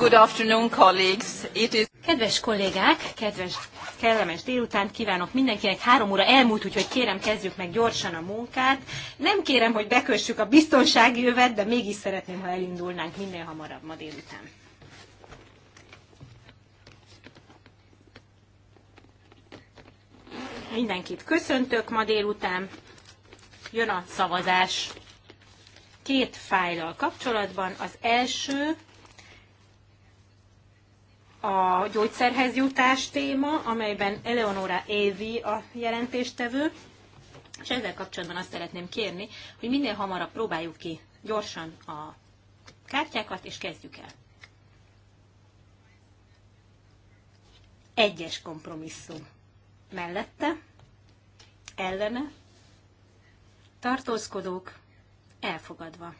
Good afternoon, colleagues. It is... Kedves kollégák, kedves kellemes délután kívánok mindenkinek. Három óra elmúlt, úgyhogy kérem kezdjük meg gyorsan a munkát. Nem kérem, hogy bekössük a biztonsági övet, de mégis szeretném, ha elindulnánk minél hamarabb ma délután. Mindenkit köszöntök ma délután. Jön a szavazás két fájlal kapcsolatban. Az első a gyógyszerhez jutás téma, amelyben Eleonora Évi a jelentéstevő, és ezzel kapcsolatban azt szeretném kérni, hogy minél hamarabb próbáljuk ki gyorsan a kártyákat, és kezdjük el. Egyes kompromisszum mellette, ellene, tartózkodók, elfogadva.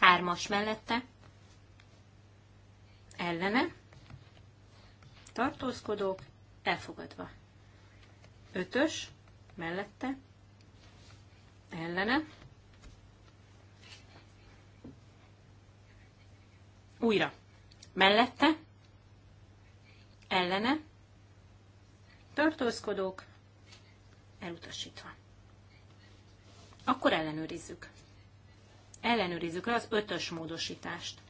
Hármas mellette, ellene, tartózkodók, elfogadva. Ötös, mellette, ellene, újra, mellette, ellene, tartózkodók, elutasítva. Akkor ellenőrizzük. Ellenőrizzük az ötös módosítást.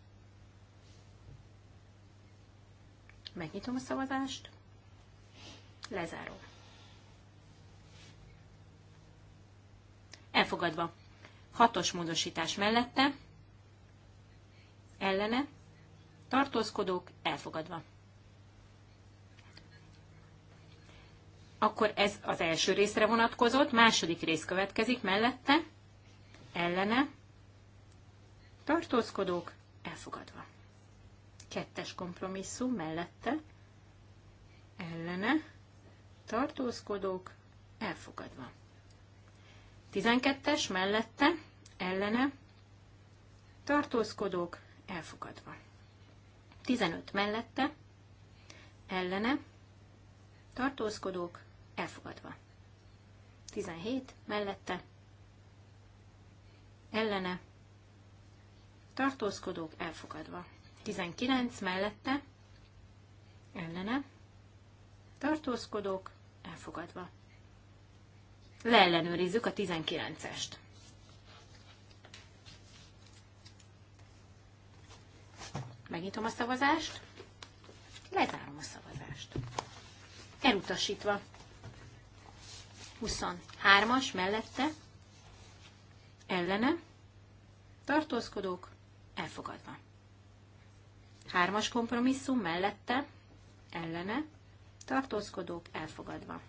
Megnyitom a szavazást. Lezárom. Elfogadva. Hatos módosítás mellette. Ellene. Tartózkodók elfogadva. Akkor ez az első részre vonatkozott, második rész következik mellette, ellene, tartózkodók elfogadva. Kettes kompromisszum mellette ellene tartózkodók elfogadva. 12-es mellette ellene tartózkodók elfogadva. 15 mellette ellene tartózkodók elfogadva. 17 mellette ellene tartózkodók elfogadva. 19 mellette ellene tartózkodók elfogadva. Leellenőrizzük a 19-est. Megnyitom a szavazást, lezárom a szavazást. Elutasítva. 23-as mellette, ellene, tartózkodók, elfogadva. Hármas kompromisszum mellette, ellene, tartózkodók elfogadva.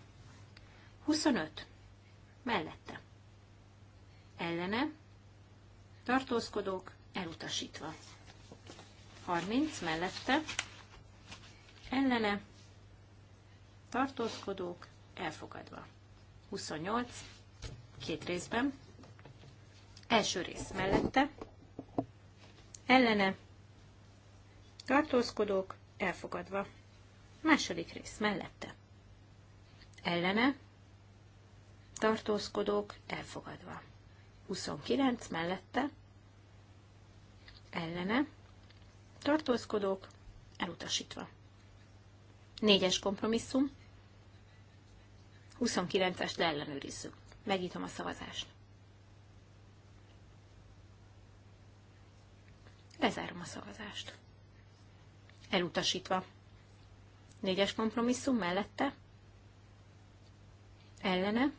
25. Mellette. Ellene, tartózkodók elutasítva. 30. Mellette, ellene, tartózkodók elfogadva. 28. Két részben. Első rész mellette, ellene, tartózkodók, elfogadva. Második rész mellette. Ellene, tartózkodók, elfogadva. 29 mellette, ellene, tartózkodók, elutasítva. Négyes kompromisszum, 29-est leellenőrizzük. Megnyitom a szavazást. Lezárom a szavazást elutasítva. Négyes kompromisszum mellette, ellene,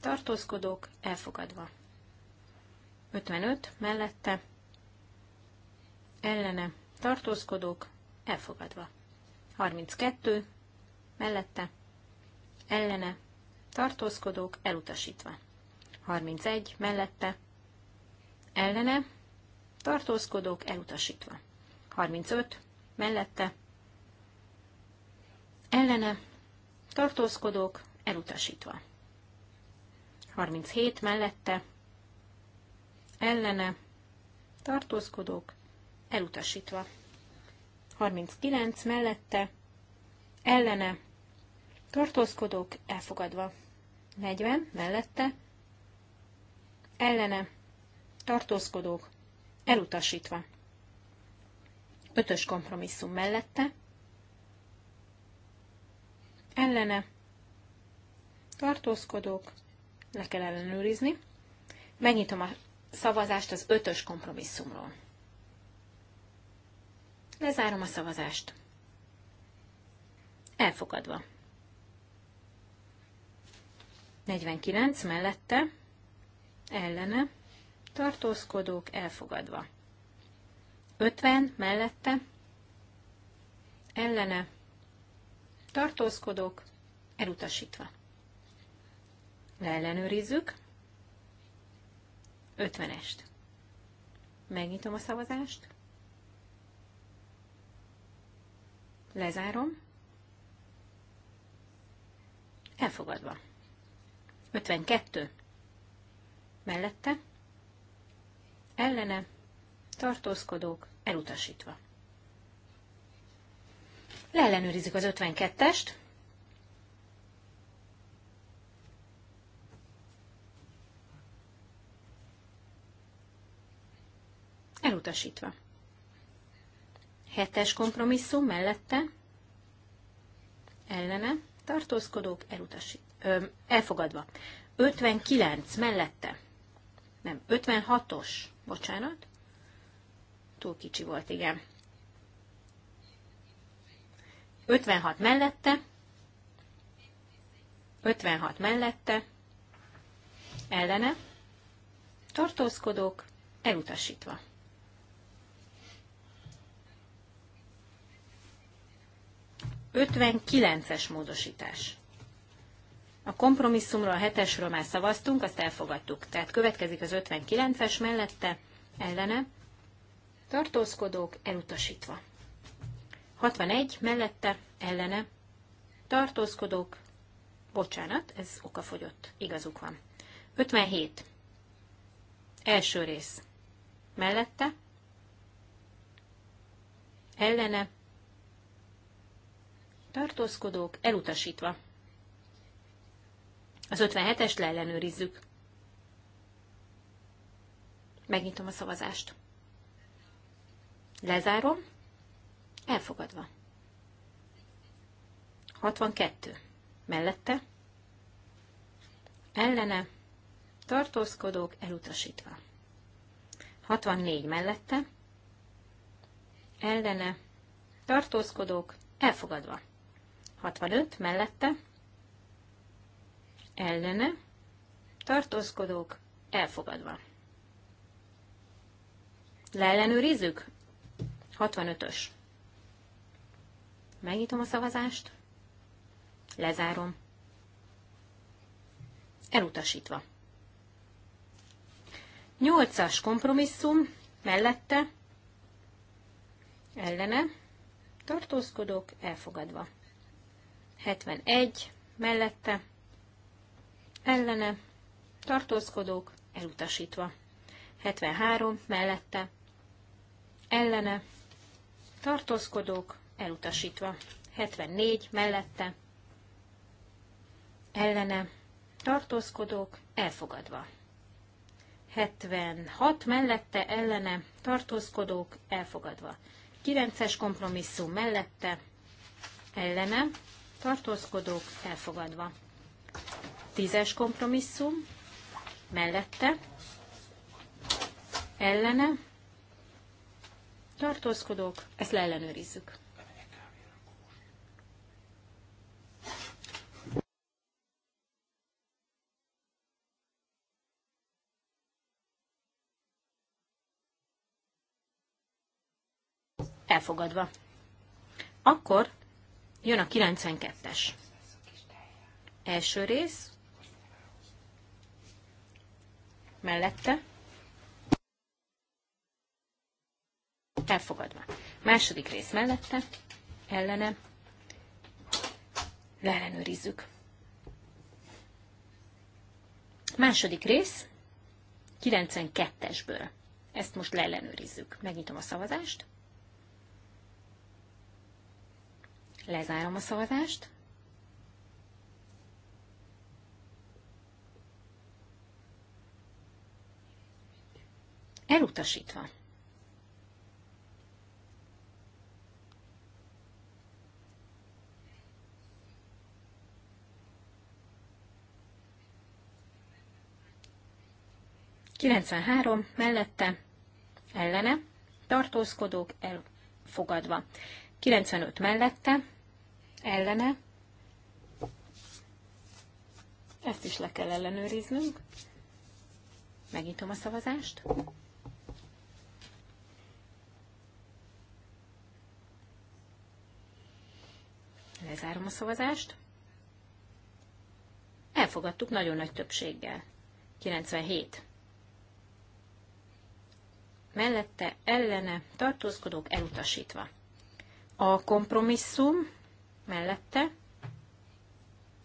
tartózkodók elfogadva. 55 mellette, ellene, tartózkodók elfogadva. 32 mellette, ellene, tartózkodók elutasítva. 31 mellette, ellene, tartózkodók elutasítva. 35 mellette ellene tartózkodók elutasítva. 37 mellette ellene tartózkodók elutasítva. 39 mellette ellene tartózkodók elfogadva. 40 mellette ellene tartózkodók elutasítva. Ötös kompromisszum mellette. Ellene. Tartózkodók. Le kell ellenőrizni. Megnyitom a szavazást az ötös kompromisszumról. Lezárom a szavazást. Elfogadva. 49 mellette, ellene, tartózkodók elfogadva. 50 mellette ellene Tartózkodok, elutasítva. Leellenőrizzük 50-est. Megnyitom a szavazást. Lezárom. Elfogadva. 52. Mellette. Ellene tartózkodók, elutasítva. Leellenőrizzük az 52-est. Elutasítva. Hetes kompromisszum mellette, ellene, tartózkodók, elutasít, ö, elfogadva. 59 mellette, nem, 56-os, bocsánat, túl kicsi volt, igen. 56 mellette, 56 mellette, ellene, tartózkodók, elutasítva. Ötvenkilences módosítás. A kompromisszumról, a hetesről már szavaztunk, azt elfogadtuk. Tehát következik az 59-es mellette, ellene, tartózkodók elutasítva. 61 mellette ellene tartózkodók, bocsánat, ez okafogyott, igazuk van. 57. Első rész. Mellette ellene tartózkodók elutasítva. Az 57-est leellenőrizzük. Megnyitom a szavazást. Lezárom. Elfogadva. 62. Mellette. Ellene. Tartózkodók elutasítva. 64 mellette. Ellene. Tartózkodók elfogadva. 65 mellette. Ellene. Tartózkodók elfogadva. Leellenőrizzük? 65-ös. Megnyitom a szavazást. Lezárom. Elutasítva. 8-as kompromisszum mellette ellene tartózkodók elfogadva. 71 mellette ellene tartózkodók elutasítva. 73 mellette ellene tartózkodók, elutasítva. 74 mellette, ellene, tartózkodók, elfogadva. 76 mellette, ellene, tartózkodók, elfogadva. 9-es kompromisszum mellette, ellene, tartózkodók, elfogadva. 10-es kompromisszum mellette, ellene, tartózkodók, ezt leellenőrizzük. Elfogadva. Akkor jön a 92-es. Első rész, mellette, Elfogadva. Második rész mellette, ellene, leellenőrizzük. Második rész, 92-esből. Ezt most leellenőrizzük. Megnyitom a szavazást. Lezárom a szavazást. Elutasítva. 93 mellette ellene tartózkodók elfogadva. 95 mellette ellene. Ezt is le kell ellenőriznünk. Megnyitom a szavazást. Lezárom a szavazást. Elfogadtuk nagyon nagy többséggel. 97 mellette ellene tartózkodók elutasítva. A kompromisszum mellette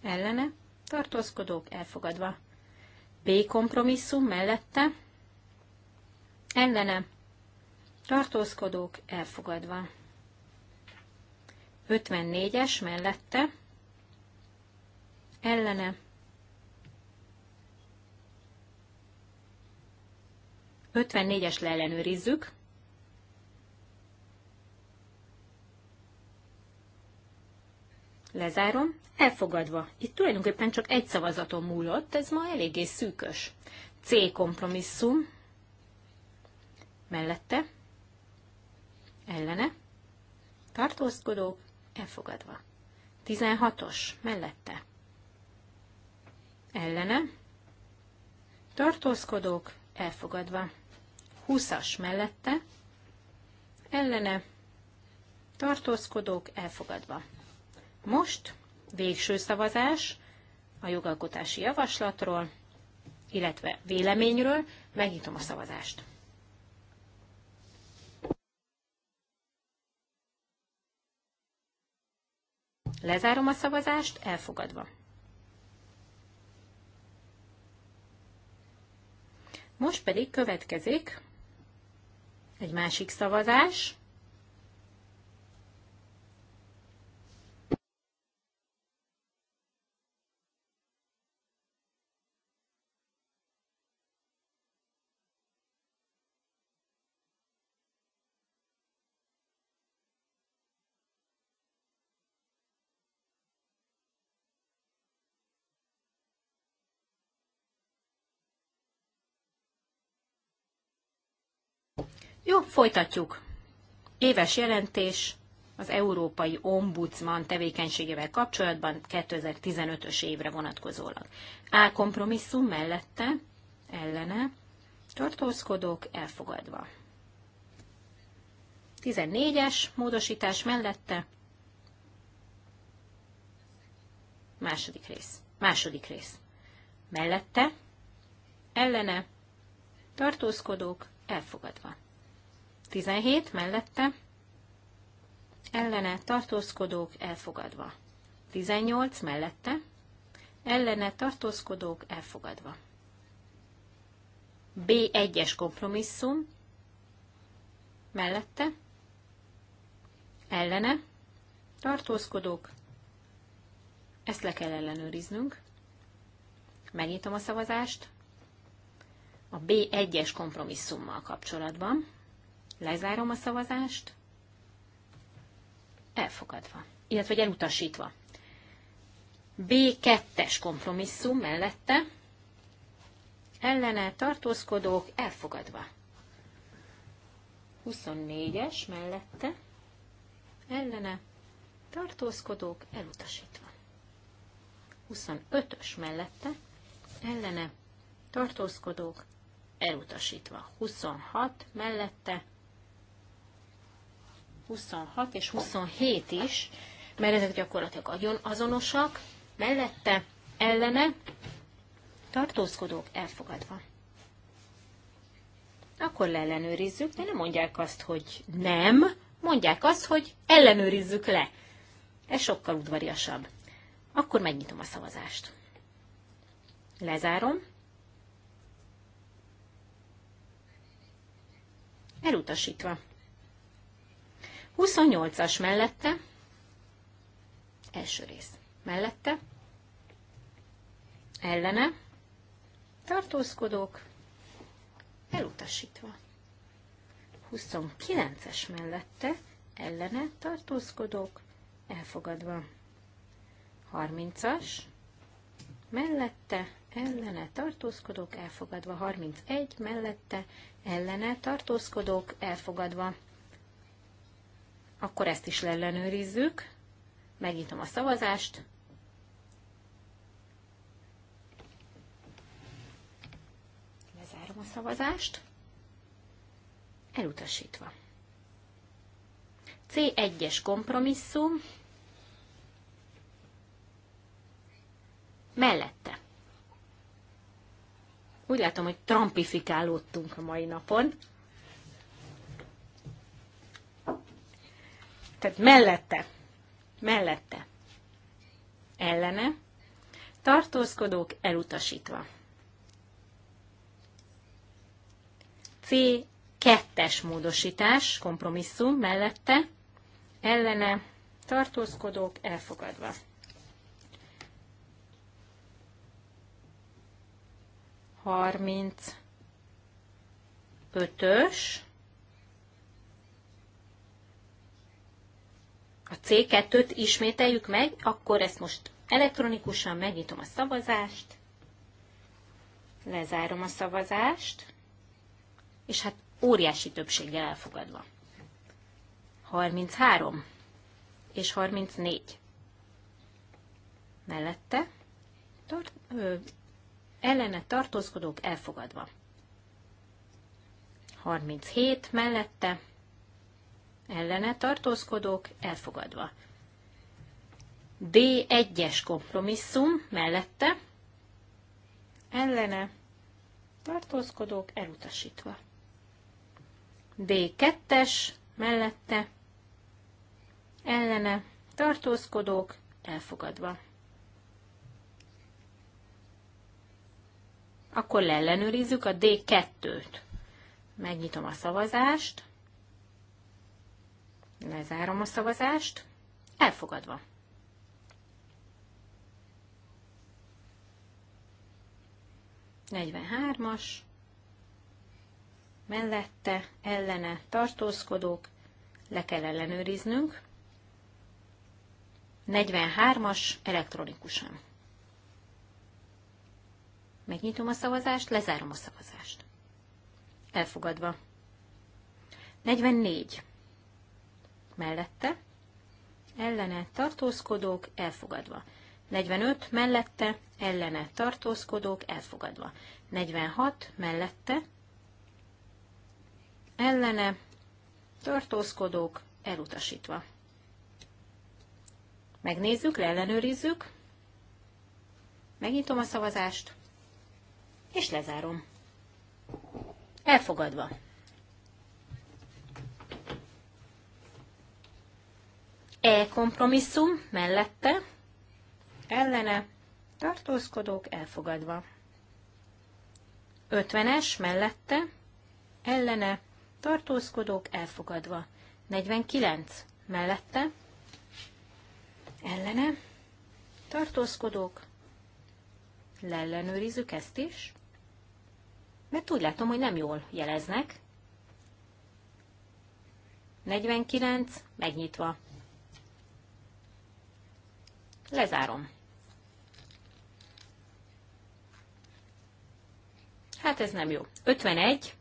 ellene tartózkodók elfogadva. B kompromisszum mellette ellene tartózkodók elfogadva. 54-es mellette ellene 54-es leellenőrizzük. Lezárom. Elfogadva. Itt tulajdonképpen csak egy szavazaton múlott, ez ma eléggé szűkös. C kompromisszum. Mellette. Ellene. tartózkodó, Elfogadva. 16-os. Mellette. Ellene. Tartózkodók. Elfogadva. 20-as mellette, ellene tartózkodók elfogadva. Most végső szavazás a jogalkotási javaslatról, illetve véleményről. Megnyitom a szavazást. Lezárom a szavazást, elfogadva. Most pedig következik egy másik szavazás. Jó, folytatjuk. Éves jelentés az Európai Ombudsman tevékenységével kapcsolatban 2015-ös évre vonatkozólag. A kompromisszum mellette, ellene, tartózkodók elfogadva. 14-es módosítás mellette, második rész, második rész. Mellette, ellene, tartózkodók elfogadva. 17 mellette ellene tartózkodók elfogadva. 18 mellette ellene tartózkodók elfogadva. B1-es kompromisszum mellette ellene tartózkodók. Ezt le kell ellenőriznünk. Megnyitom a szavazást a B1-es kompromisszummal kapcsolatban. Lezárom a szavazást. Elfogadva, illetve elutasítva. B2-es kompromisszum mellette ellene tartózkodók elfogadva. 24-es mellette ellene tartózkodók elutasítva. 25-ös mellette ellene tartózkodók elutasítva. 26 mellette 26 és 27 is, mert ezek gyakorlatilag azonosak, mellette, ellene, tartózkodók elfogadva. Akkor leellenőrizzük, de nem mondják azt, hogy nem, mondják azt, hogy ellenőrizzük le. Ez sokkal udvariasabb. Akkor megnyitom a szavazást. Lezárom. Elutasítva. 28-as mellette, első rész mellette, ellene, tartózkodók, elutasítva. 29-es mellette, ellene, tartózkodók, elfogadva. 30-as, mellette, ellene tartózkodók elfogadva, 31 mellette ellene tartózkodók elfogadva, akkor ezt is ellenőrizzük. Megnyitom a szavazást. Lezárom a szavazást. Elutasítva. C1-es kompromisszum. Mellette. Úgy látom, hogy trampifikálódtunk a mai napon. Tehát mellette, mellette, ellene, tartózkodók elutasítva. C. Kettes módosítás, kompromisszum mellette, ellene, tartózkodók elfogadva. Harminc ötös, a C2-t ismételjük meg, akkor ezt most elektronikusan megnyitom a szavazást, lezárom a szavazást, és hát óriási többséggel elfogadva. 33 és 34 mellette tart, ö, ellene tartózkodók elfogadva. 37 mellette ellene tartózkodók elfogadva. D1-es kompromisszum mellette ellene tartózkodók elutasítva. D2-es mellette ellene tartózkodók elfogadva. Akkor leellenőrizzük a D2-t. Megnyitom a szavazást. Lezárom a szavazást. Elfogadva. Negyvenhármas. Mellette, ellene tartózkodók. Le kell ellenőriznünk. 43-as elektronikusan. Megnyitom a szavazást, lezárom a szavazást. Elfogadva. 44 mellette, ellene tartózkodók elfogadva. 45 mellette, ellene tartózkodók elfogadva. 46 mellette, ellene tartózkodók elutasítva. Megnézzük, leellenőrizzük. Megnyitom a szavazást, és lezárom. Elfogadva. E kompromisszum mellette, ellene, tartózkodók elfogadva. 50-es mellette, ellene, tartózkodók elfogadva. 49 mellette, ellene, tartózkodók, leellenőrizzük ezt is, mert úgy látom, hogy nem jól jeleznek. 49, megnyitva. Lezárom. Hát ez nem jó. 51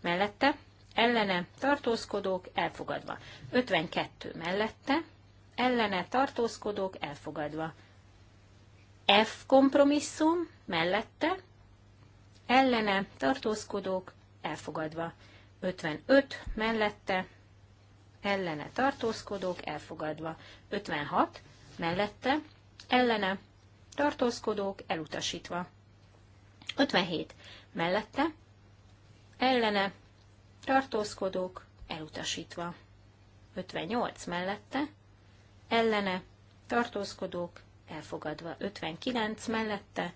mellette, ellene tartózkodók elfogadva. 52 mellette, ellene tartózkodók elfogadva. F kompromisszum mellette, ellene tartózkodók elfogadva. 55 mellette, ellene tartózkodók elfogadva. 56 mellette, ellene, tartózkodók elutasítva. 57 mellette, ellene, tartózkodók elutasítva. 58 mellette, ellene, tartózkodók elfogadva. 59 mellette,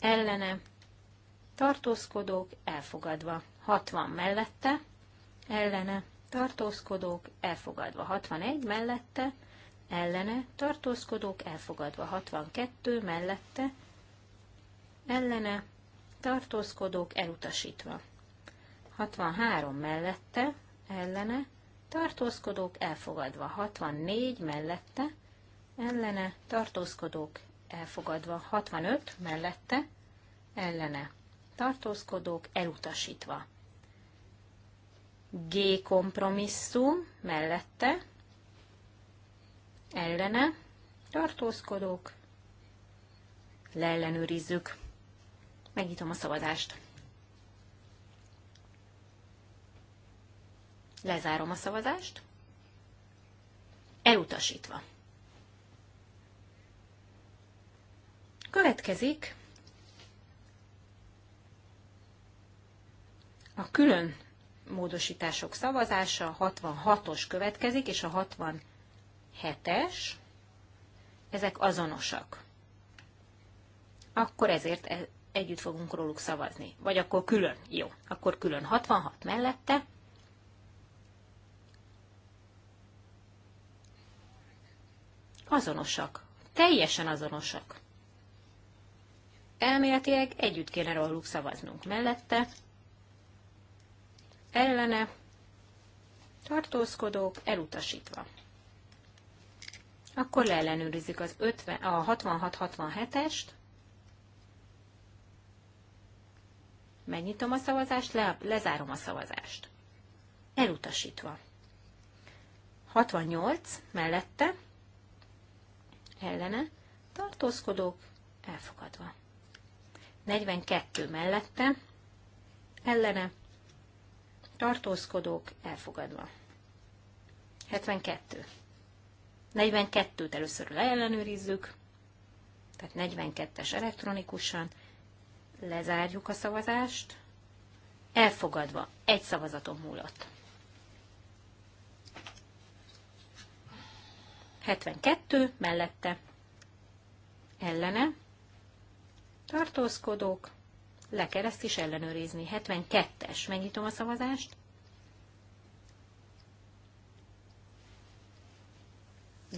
ellene, tartózkodók elfogadva. 60 mellette, ellene, tartózkodók elfogadva. 61 mellette, ellene, tartózkodók elfogadva 62 mellette, ellene, tartózkodók elutasítva. 63 mellette, ellene, tartózkodók elfogadva 64 mellette, ellene, tartózkodók elfogadva 65 mellette, ellene, tartózkodók elutasítva. G kompromisszum mellette, ellene, tartózkodók, leellenőrizzük. Megnyitom a szavazást. Lezárom a szavazást. Elutasítva. Következik a külön módosítások szavazása, 66-os következik, és a hetes, ezek azonosak. Akkor ezért e- együtt fogunk róluk szavazni. Vagy akkor külön. Jó, akkor külön 66 mellette. Azonosak. Teljesen azonosak. Elméletileg együtt kéne róluk szavaznunk mellette. Ellene tartózkodók elutasítva. Akkor leellenőrizik az 50, a 66 est Megnyitom a szavazást, le, lezárom a szavazást. Elutasítva. 68 mellette, ellene, tartózkodók, elfogadva. 42 mellette, ellene, tartózkodók, elfogadva. 72 42-t először leellenőrizzük, tehát 42-es elektronikusan, lezárjuk a szavazást, elfogadva, egy szavazaton múlott. 72 mellette ellene tartózkodók, le kell ezt is ellenőrizni. 72-es, megnyitom a szavazást,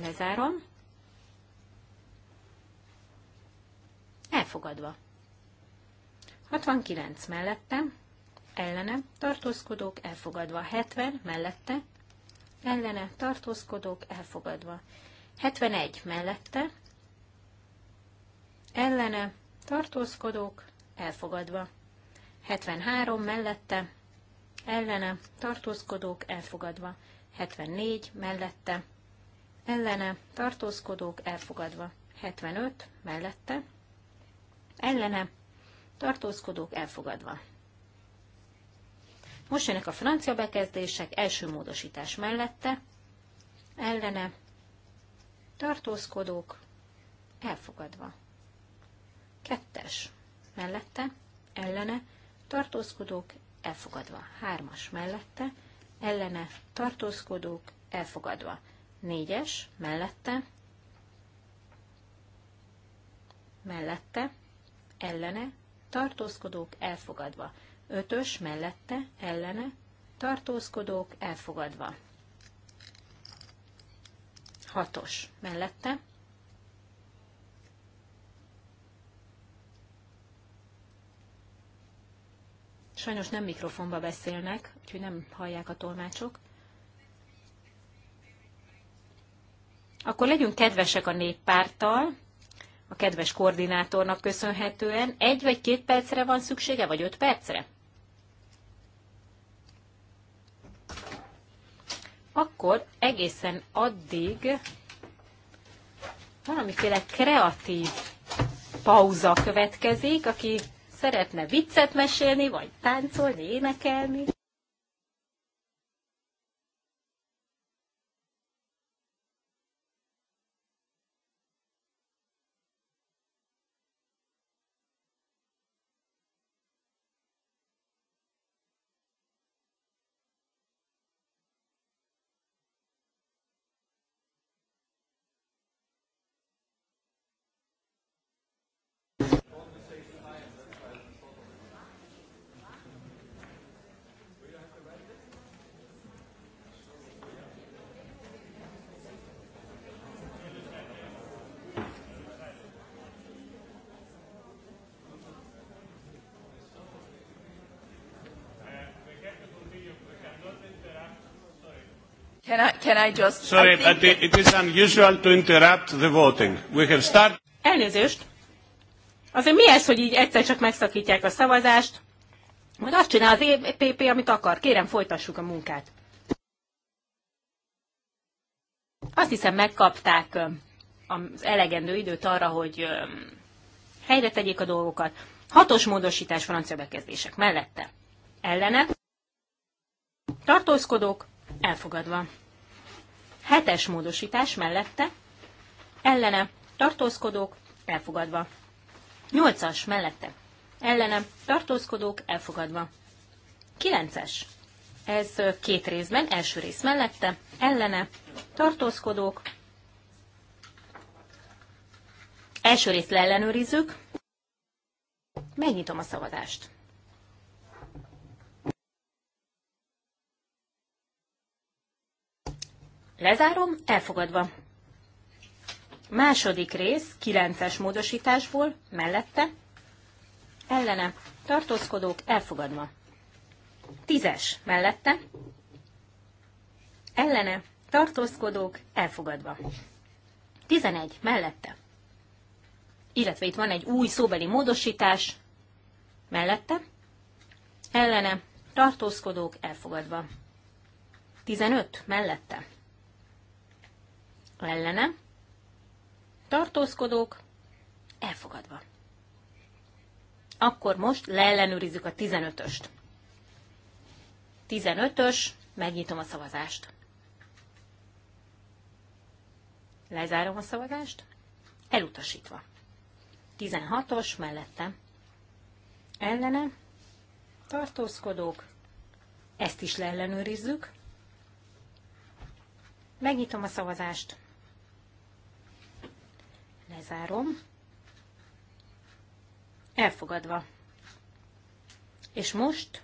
Lezárom. Elfogadva. 69 mellette, ellene, tartózkodók, elfogadva. 70 mellette, ellene, tartózkodók, elfogadva. 71 mellette, ellene, tartózkodók, elfogadva. 73 mellette, ellene, tartózkodók, elfogadva. 74 mellette, ellene tartózkodók elfogadva. 75 mellette ellene tartózkodók elfogadva. Most jönnek a francia bekezdések, első módosítás mellette, ellene, tartózkodók, elfogadva. Kettes, mellette, ellene, tartózkodók, elfogadva. Hármas, mellette, ellene, tartózkodók, elfogadva négyes, mellette, mellette, ellene, tartózkodók elfogadva. Ötös, mellette, ellene, tartózkodók elfogadva. Hatos, mellette, Sajnos nem mikrofonba beszélnek, úgyhogy nem hallják a tolmácsok. akkor legyünk kedvesek a néppárttal, a kedves koordinátornak köszönhetően. Egy vagy két percre van szüksége, vagy öt percre? Akkor egészen addig valamiféle kreatív pauza következik, aki szeretne viccet mesélni, vagy táncolni, énekelni. Can I, can I just... Sorry, I but it, it is unusual to interrupt the voting. We have start... Elnézést! Azért mi ez, hogy így egyszer csak megszakítják a szavazást? Majd azt csinál az EPP, amit akar. Kérem, folytassuk a munkát. Azt hiszem, megkapták az elegendő időt arra, hogy helyre tegyék a dolgokat. Hatos módosítás francia bekezdések mellette. Ellene. Tartózkodók elfogadva. Hetes módosítás mellette, ellene, tartózkodók, elfogadva. Nyolcas mellette, ellene, tartózkodók, elfogadva. Kilences. Ez két részben, első rész mellette, ellene, tartózkodók, Első részt leellenőrizzük. Megnyitom a szavazást. Lezárom, elfogadva. Második rész, 9-es módosításból, mellette, ellene, tartózkodók, elfogadva. Tízes, mellette, ellene, tartózkodók, elfogadva. Tizenegy, mellette. Illetve itt van egy új szóbeli módosítás, mellette, ellene, tartózkodók, elfogadva. Tizenöt, mellette ellene, tartózkodók, elfogadva. Akkor most leellenőrizzük a 15-öst. 15-ös, megnyitom a szavazást. Lezárom a szavazást, elutasítva. 16-os mellette. Ellene, tartózkodók, ezt is leellenőrizzük. Megnyitom a szavazást. Lezárom. Elfogadva. És most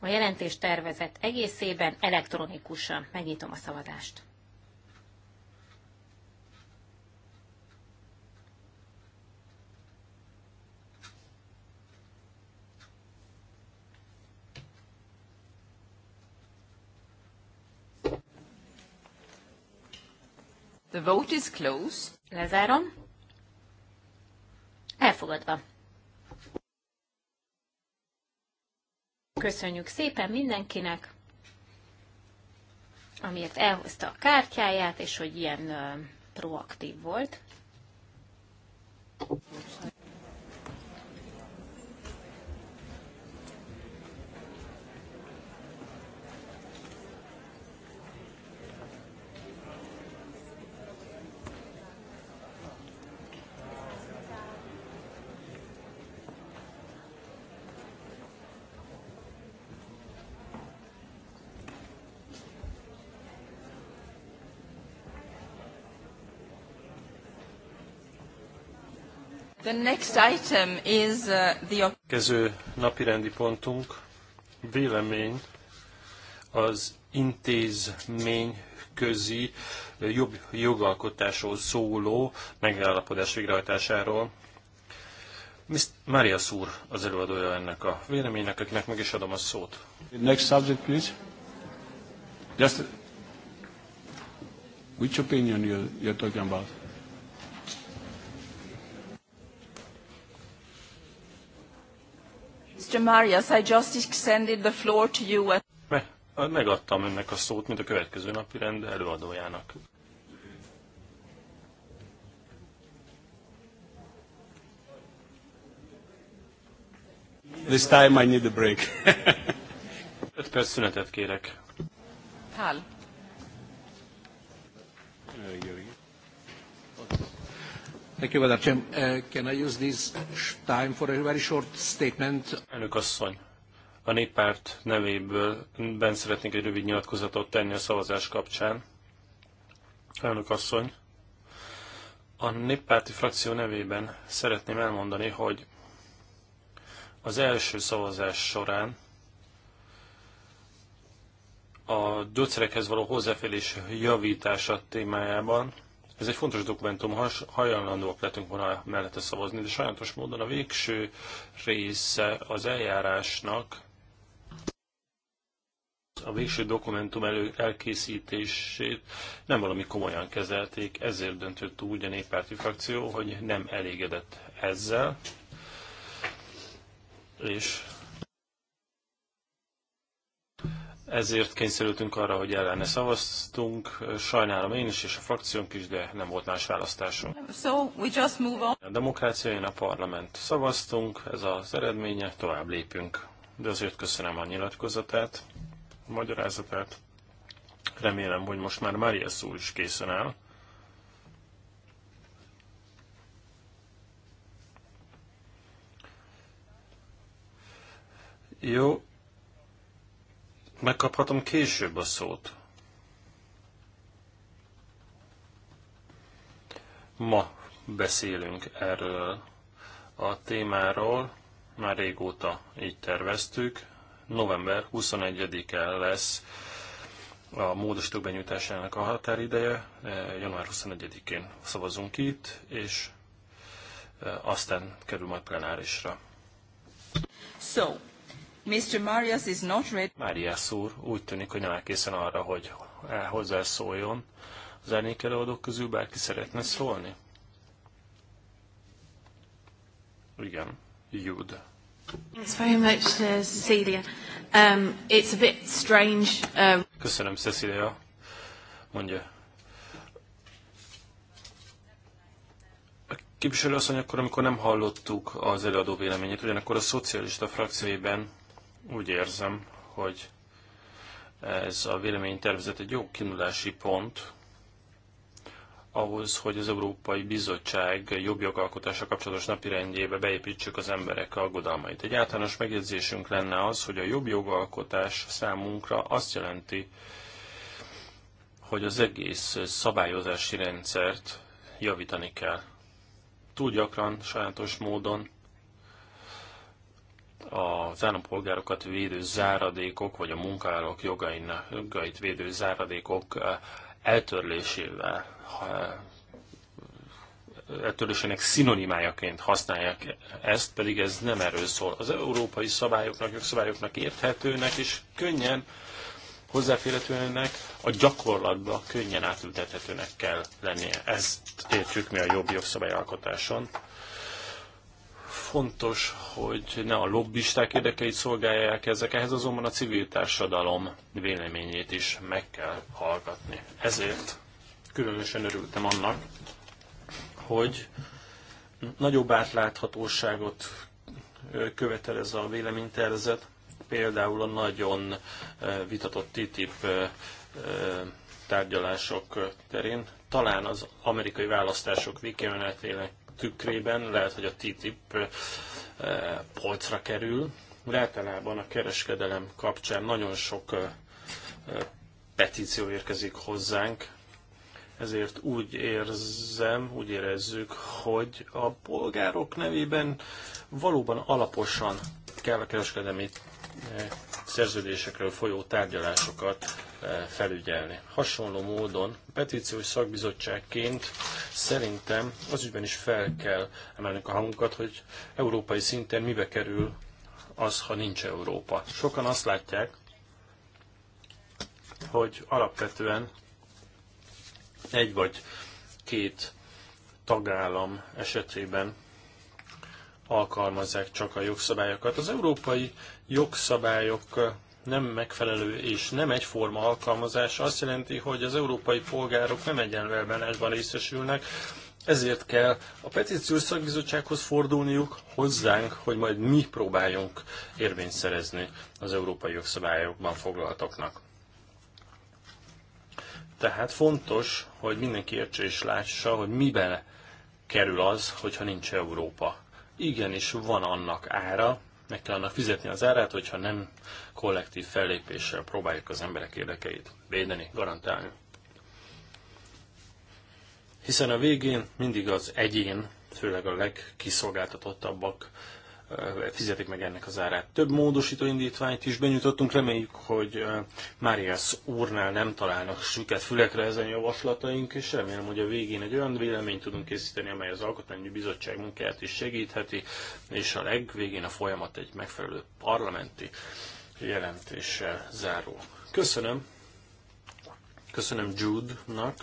a jelentés tervezett egészében elektronikusan megnyitom a szavazást. The vote is closed. Lezárom. Elfogadva. Köszönjük szépen mindenkinek, amiért elhozta a kártyáját, és hogy ilyen proaktív volt. The next item is uh, the... Kező napirendi pontunk vélemény az intézmény közi jobb jogalkotásról szóló megállapodás végrehajtásáról. Mr. Mária Szúr az előadója ennek a véleménynek, akinek meg is adom a szót. Next subject, please. Just... Which opinion you, you're talking about? Mr. Marias, I just extended the floor to you. megadtam ennek a szót, mint a következő napi rend előadójának. This time I need a break. Öt perc szünetet kérek. Hál. Jó, jó, jó. Thank you, Madam Uh, can I use this time for a very short statement? Elnök asszony, a néppárt nevéből ben szeretnék egy rövid nyilatkozatot tenni a szavazás kapcsán. Elnök asszony, a néppárti frakció nevében szeretném elmondani, hogy az első szavazás során a gyógyszerekhez való hozzáférés javítása témájában ez egy fontos dokumentum, hajlandóak lettünk volna mellette szavazni, de sajnos módon a végső része az eljárásnak, a végső dokumentum elő elkészítését nem valami komolyan kezelték, ezért döntött úgy a néppárti frakció, hogy nem elégedett ezzel, és ezért kényszerültünk arra, hogy ellene szavaztunk. Sajnálom én is, és a frakciónk is, de nem volt más választásunk. So we just move on. A demokráciáin a parlament szavaztunk, ez az eredménye, tovább lépünk. De azért köszönöm a nyilatkozatát, a magyarázatát. Remélem, hogy most már Mária szó is készen áll. Jó, Megkaphatom később a szót. Ma beszélünk erről a témáról, már régóta így terveztük. November 21 e lesz a módosítók benyújtásának a határideje, január 21-én szavazunk itt, és e, aztán kerül majd plenárisra. So, Mr. Marias is not ready. Marias úr úgy tűnik, hogy nem elkészen arra, hogy e, szóljon. Az árnyék előadók közül bárki szeretne szólni? Igen, Jud. Thanks very much, uh, Cecilia. Um, it's a bit strange. Um... Köszönöm, Cecilia. Mondja. képviselő asszony, akkor amikor nem hallottuk az előadó véleményét, ugyanakkor a szocialista frakcióiban úgy érzem, hogy ez a véleménytervezet egy jó kiindulási pont ahhoz, hogy az Európai Bizottság jobb jogalkotása kapcsolatos napirendjébe beépítsük az emberek aggodalmait. Egy általános megjegyzésünk lenne az, hogy a jobb jogalkotás számunkra azt jelenti, hogy az egész szabályozási rendszert javítani kell. Túl gyakran, sajátos módon az állampolgárokat védő záradékok, vagy a munkárok jogainak, jogait védő záradékok eh, eltörlésével, eh, eltörlésének szinonimájaként használják ezt, pedig ez nem erről szól. Az európai szabályoknak, jogszabályoknak érthetőnek és könnyen hozzáférhetőnek, a gyakorlatban könnyen átültethetőnek kell lennie. Ezt értjük mi a jobb jogszabályalkotáson. Fontos, hogy ne a lobbisták érdekeit szolgálják ezek, ehhez azonban a civil társadalom véleményét is meg kell hallgatni. Ezért különösen örültem annak, hogy nagyobb átláthatóságot követel ez a véleménytervezet, például a nagyon vitatott TTIP tárgyalások terén. Talán az amerikai választások végkimenetének tükrében, lehet, hogy a TTIP polcra kerül, általában a kereskedelem kapcsán nagyon sok petíció érkezik hozzánk, ezért úgy érzem, úgy érezzük, hogy a polgárok nevében valóban alaposan kell a kereskedelmi szerződésekről folyó tárgyalásokat eh, felügyelni. Hasonló módon petíciós szakbizottságként szerintem az ügyben is fel kell emelnünk a hangunkat, hogy európai szinten mibe kerül az, ha nincs Európa. Sokan azt látják, hogy alapvetően egy vagy két tagállam esetében alkalmazzák csak a jogszabályokat. Az európai jogszabályok nem megfelelő és nem egyforma alkalmazás azt jelenti, hogy az európai polgárok nem egyenlő elbánásban részesülnek, ezért kell a petíciós szakbizottsághoz fordulniuk hozzánk, hogy majd mi próbáljunk érvényt szerezni az európai jogszabályokban foglaltaknak. Tehát fontos, hogy mindenki értse és lássa, hogy miben kerül az, hogyha nincs Európa. Igenis van annak ára, meg kell annak fizetni az árát, hogyha nem kollektív fellépéssel próbáljuk az emberek érdekeit védeni, garantálni. Hiszen a végén mindig az egyén, főleg a legkiszolgáltatottabbak fizetik meg ennek az árát. Több módosító indítványt is benyújtottunk, reméljük, hogy Máriász úrnál nem találnak süket fülekre ezen javaslataink, és remélem, hogy a végén egy olyan véleményt tudunk készíteni, amely az Alkotmányi Bizottság munkáját is segítheti, és a legvégén a folyamat egy megfelelő parlamenti jelentéssel záró. Köszönöm. Köszönöm Jude-nak,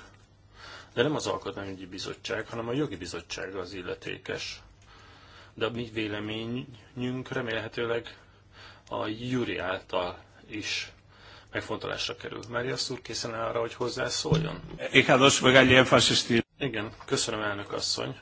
de nem az Alkotmányügyi Bizottság, hanem a Jogi Bizottság az illetékes de a mi véleményünk remélhetőleg a Júri által is megfontolásra kerül. Mária úr készen arra, hogy hozzászóljon? Igen, köszönöm elnök asszony.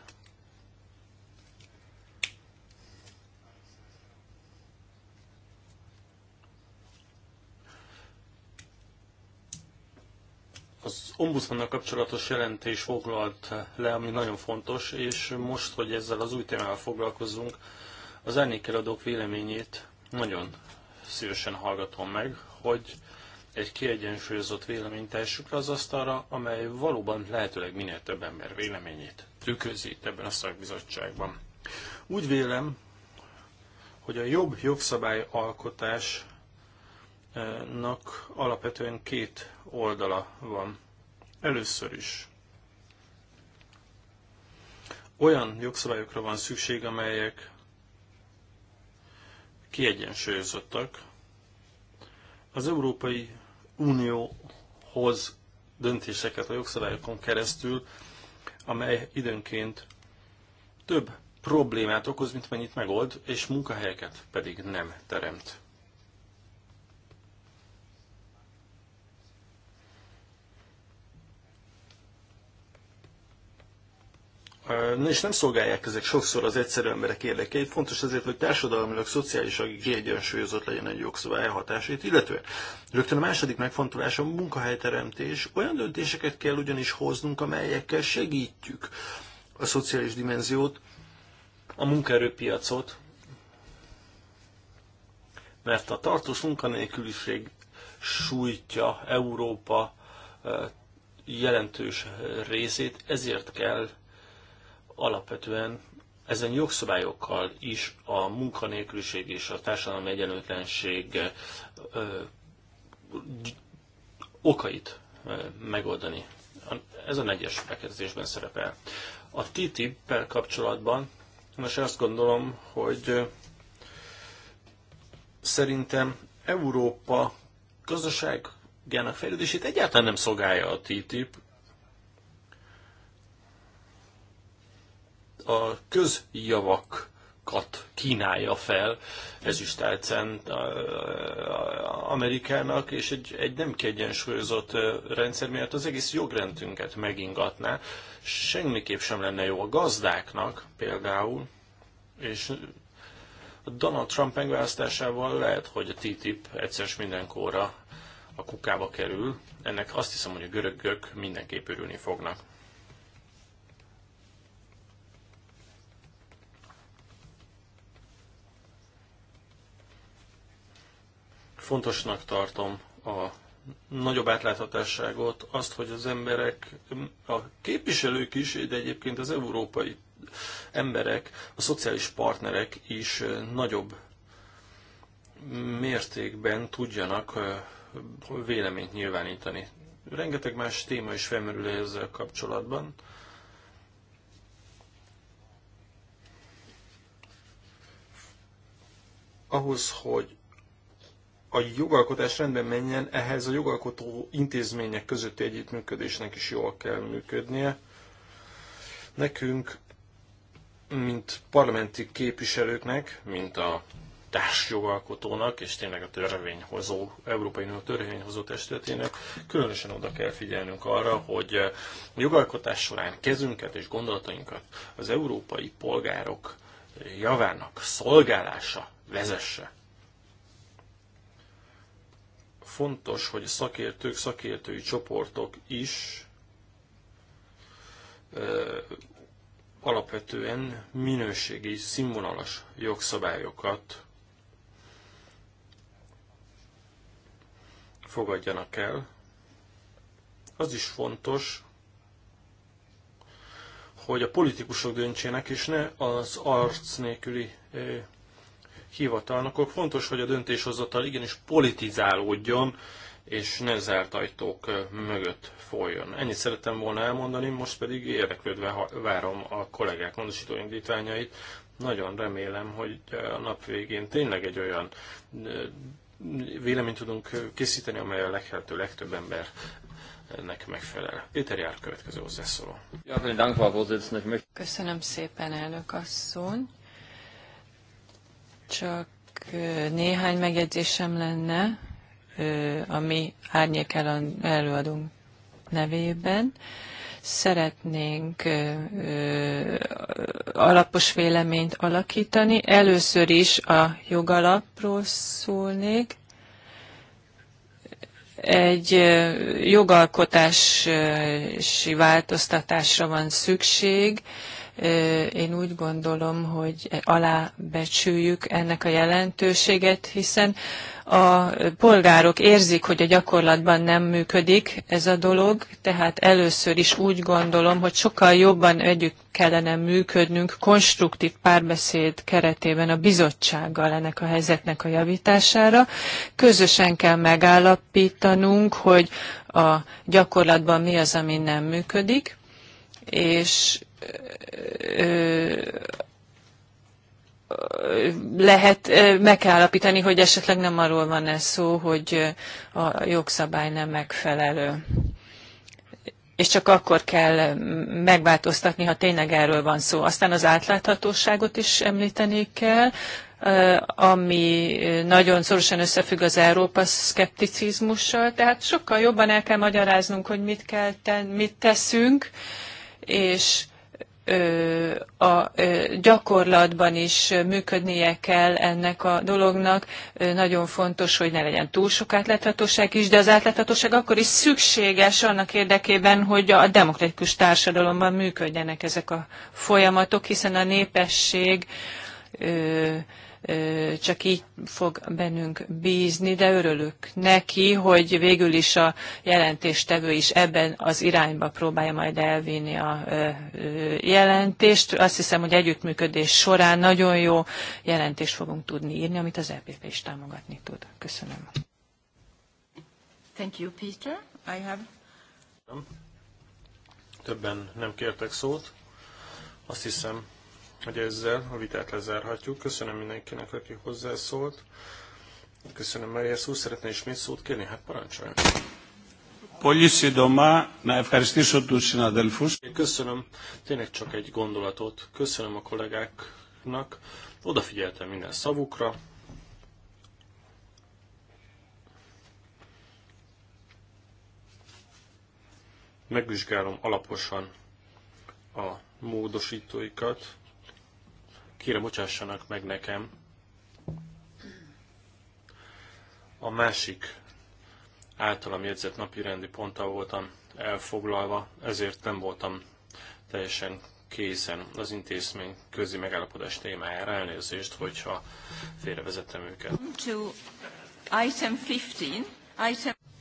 ombudsmannal kapcsolatos jelentés foglalt le, ami nagyon fontos, és most, hogy ezzel az új témával foglalkozunk, az árnyékeladók véleményét nagyon szívesen hallgatom meg, hogy egy kiegyensúlyozott véleményt tessük le az asztalra, amely valóban lehetőleg minél több ember véleményét tükrözi ebben a szakbizottságban. Úgy vélem, hogy a jobb jogszabályalkotásnak alapvetően két oldala van. Először is olyan jogszabályokra van szükség, amelyek kiegyensúlyozottak. Az Európai Unióhoz döntéseket a jogszabályokon keresztül, amely időnként több problémát okoz, mint mennyit megold, és munkahelyeket pedig nem teremt. és nem szolgálják ezek sokszor az egyszerű emberek érdekeit. Fontos azért, hogy társadalmilag, szociálisan kiegyensúlyozott legyen egy jogszabály hatásait, illetve rögtön a második megfontolás a munkahelyteremtés. Olyan döntéseket kell ugyanis hoznunk, amelyekkel segítjük a szociális dimenziót, a munkaerőpiacot, mert a tartós munkanélküliség sújtja Európa jelentős részét, ezért kell alapvetően ezen jogszabályokkal is a munkanélküliség és a társadalmi egyenlőtlenség okait megoldani. Ez a negyes bekezdésben szerepel. A TTIP-pel kapcsolatban most azt gondolom, hogy szerintem Európa gazdaságának fejlődését egyáltalán nem szolgálja a TTIP, a közjavakat kínálja fel ezüstálcán Amerikának, és egy, egy nem kiegyensúlyozott rendszer miatt az egész jogrendünket megingatná. Semmiképp sem lenne jó a gazdáknak például, és a Donald Trump megválasztásával lehet, hogy a TTIP egyszer mindenkorra a kukába kerül. Ennek azt hiszem, hogy a görögök mindenképp örülni fognak. Fontosnak tartom a nagyobb átláthatásságot, azt, hogy az emberek, a képviselők is, de egyébként az európai emberek, a szociális partnerek is nagyobb mértékben tudjanak véleményt nyilvánítani. Rengeteg más téma is felmerül ezzel kapcsolatban. Ahhoz, hogy a jogalkotás rendben menjen, ehhez a jogalkotó intézmények közötti együttműködésnek is jól kell működnie. Nekünk, mint parlamenti képviselőknek, mint a társjogalkotónak, és tényleg a törvényhozó, Európai Unió törvényhozó testületének különösen oda kell figyelnünk arra, hogy a jogalkotás során kezünket és gondolatainkat az európai polgárok javának szolgálása vezesse fontos, hogy a szakértők, szakértői csoportok is alapvetően minőségi, színvonalas jogszabályokat fogadjanak el. Az is fontos, hogy a politikusok döntsenek, és ne az arc nélküli hivatalnokok. akkor fontos, hogy a döntéshozatal igenis politizálódjon, és ne zárt ajtók mögött folyjon. Ennyit szerettem volna elmondani, most pedig érdeklődve várom a kollégák mondosító indítványait. Nagyon remélem, hogy a nap végén tényleg egy olyan véleményt tudunk készíteni, amely a leghető legtöbb ember ennek megfelel. Péter Jár következő hozzászóló. Köszönöm szépen, elnök asszony. Csak néhány megjegyzésem lenne ami árnyék előadunk nevében. Szeretnénk alapos véleményt alakítani. Először is a jogalapról szólnék, egy jogalkotási változtatásra van szükség, én úgy gondolom, hogy alábecsüljük ennek a jelentőséget, hiszen a polgárok érzik, hogy a gyakorlatban nem működik ez a dolog, tehát először is úgy gondolom, hogy sokkal jobban együtt kellene működnünk konstruktív párbeszéd keretében a bizottsággal ennek a helyzetnek a javítására. Közösen kell megállapítanunk, hogy a gyakorlatban mi az, ami nem működik, és lehet, meg kell állapítani, hogy esetleg nem arról van ez szó, hogy a jogszabály nem megfelelő. És csak akkor kell megváltoztatni, ha tényleg erről van szó. Aztán az átláthatóságot is említeni kell, ami nagyon szorosan összefügg az Európa szkepticizmussal, tehát sokkal jobban el kell magyaráznunk, hogy mit, kell ten, mit teszünk, és a gyakorlatban is működnie kell ennek a dolognak. Nagyon fontos, hogy ne legyen túl sok átláthatóság is, de az átláthatóság akkor is szükséges annak érdekében, hogy a demokratikus társadalomban működjenek ezek a folyamatok, hiszen a népesség csak így fog bennünk bízni, de örülök neki, hogy végül is a jelentéstevő is ebben az irányba próbálja majd elvinni a jelentést. Azt hiszem, hogy együttműködés során nagyon jó jelentést fogunk tudni írni, amit az EPP is támogatni tud. Köszönöm. Thank you, Peter. I have... Többen nem kértek szót. Azt hiszem, hogy ezzel a vitát lezárhatjuk. Köszönöm mindenkinek, aki hozzászólt. Köszönöm, Maria Szó. Szeretné ismét szót kérni? Hát parancsoljon. Köszönöm. Tényleg csak egy gondolatot. Köszönöm a kollégáknak. Odafigyeltem minden szavukra. Megvizsgálom alaposan a módosítóikat kérem, bocsássanak meg nekem. A másik általam jegyzett napi rendi ponttal voltam elfoglalva, ezért nem voltam teljesen készen az intézmény közi megállapodás témájára. Elnézést, hogyha félrevezettem őket.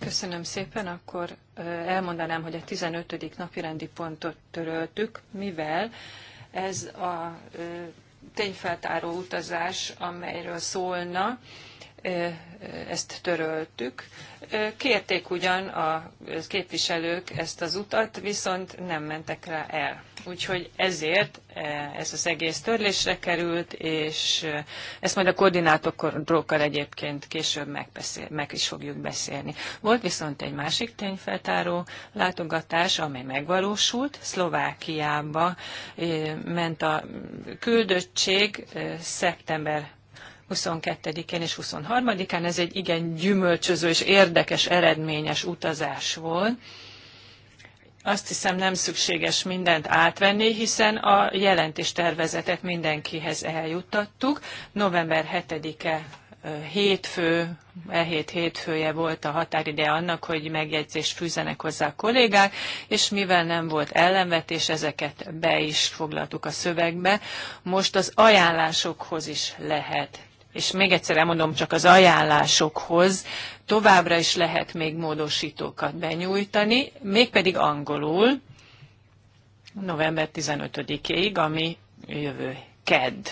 Köszönöm szépen, akkor elmondanám, hogy a 15. napi rendi pontot töröltük, mivel ez a tényfeltáró utazás, amelyről szólna, ezt töröltük. Kérték ugyan a képviselők ezt az utat, viszont nem mentek rá el. Úgyhogy ezért ez az egész törlésre került, és ezt majd a koordinátorokkal egyébként később megbeszél, meg is fogjuk beszélni. Volt viszont egy másik tényfeltáró látogatás, amely megvalósult. Szlovákiába ment a küldöttség szeptember 22-én és 23-án. Ez egy igen gyümölcsöző és érdekes, eredményes utazás volt. Azt hiszem nem szükséges mindent átvenni, hiszen a jelentéstervezetet mindenkihez eljuttattuk. November 7-e hétfő, e hét hétfője volt a határideje annak, hogy megjegyzést fűzenek hozzá a kollégák, és mivel nem volt ellenvetés, ezeket be is foglaltuk a szövegbe. Most az ajánlásokhoz is lehet és még egyszer elmondom csak az ajánlásokhoz, továbbra is lehet még módosítókat benyújtani, mégpedig angolul, november 15-ig, ami jövő kedd.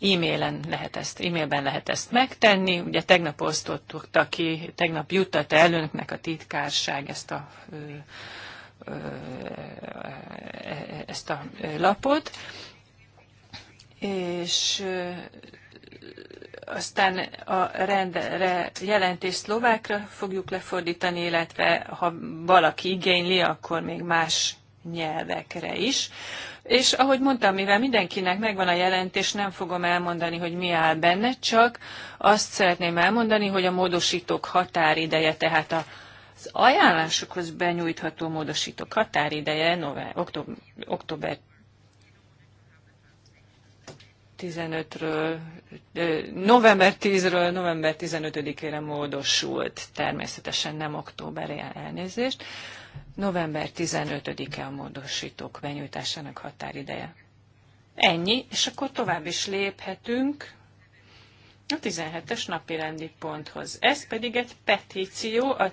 E-mailen lehet ezt, e-mailben lehet ezt megtenni. Ugye tegnap osztottuk aki tegnap juttatta előnknek a titkárság ezt a ezt a lapot, és aztán a rendre jelentést szlovákra fogjuk lefordítani, illetve ha valaki igényli, akkor még más nyelvekre is. És ahogy mondtam, mivel mindenkinek megvan a jelentés, nem fogom elmondani, hogy mi áll benne, csak azt szeretném elmondani, hogy a módosítók határideje, tehát a az ajánlásokhoz benyújtható módosítók határideje november, október 15-ről, november 10-ről november 15-ére módosult, természetesen nem októberi elnézést. November 15-e a módosítók benyújtásának határideje. Ennyi, és akkor tovább is léphetünk a 17-es napi rendi ponthoz. Ez pedig egy petíció a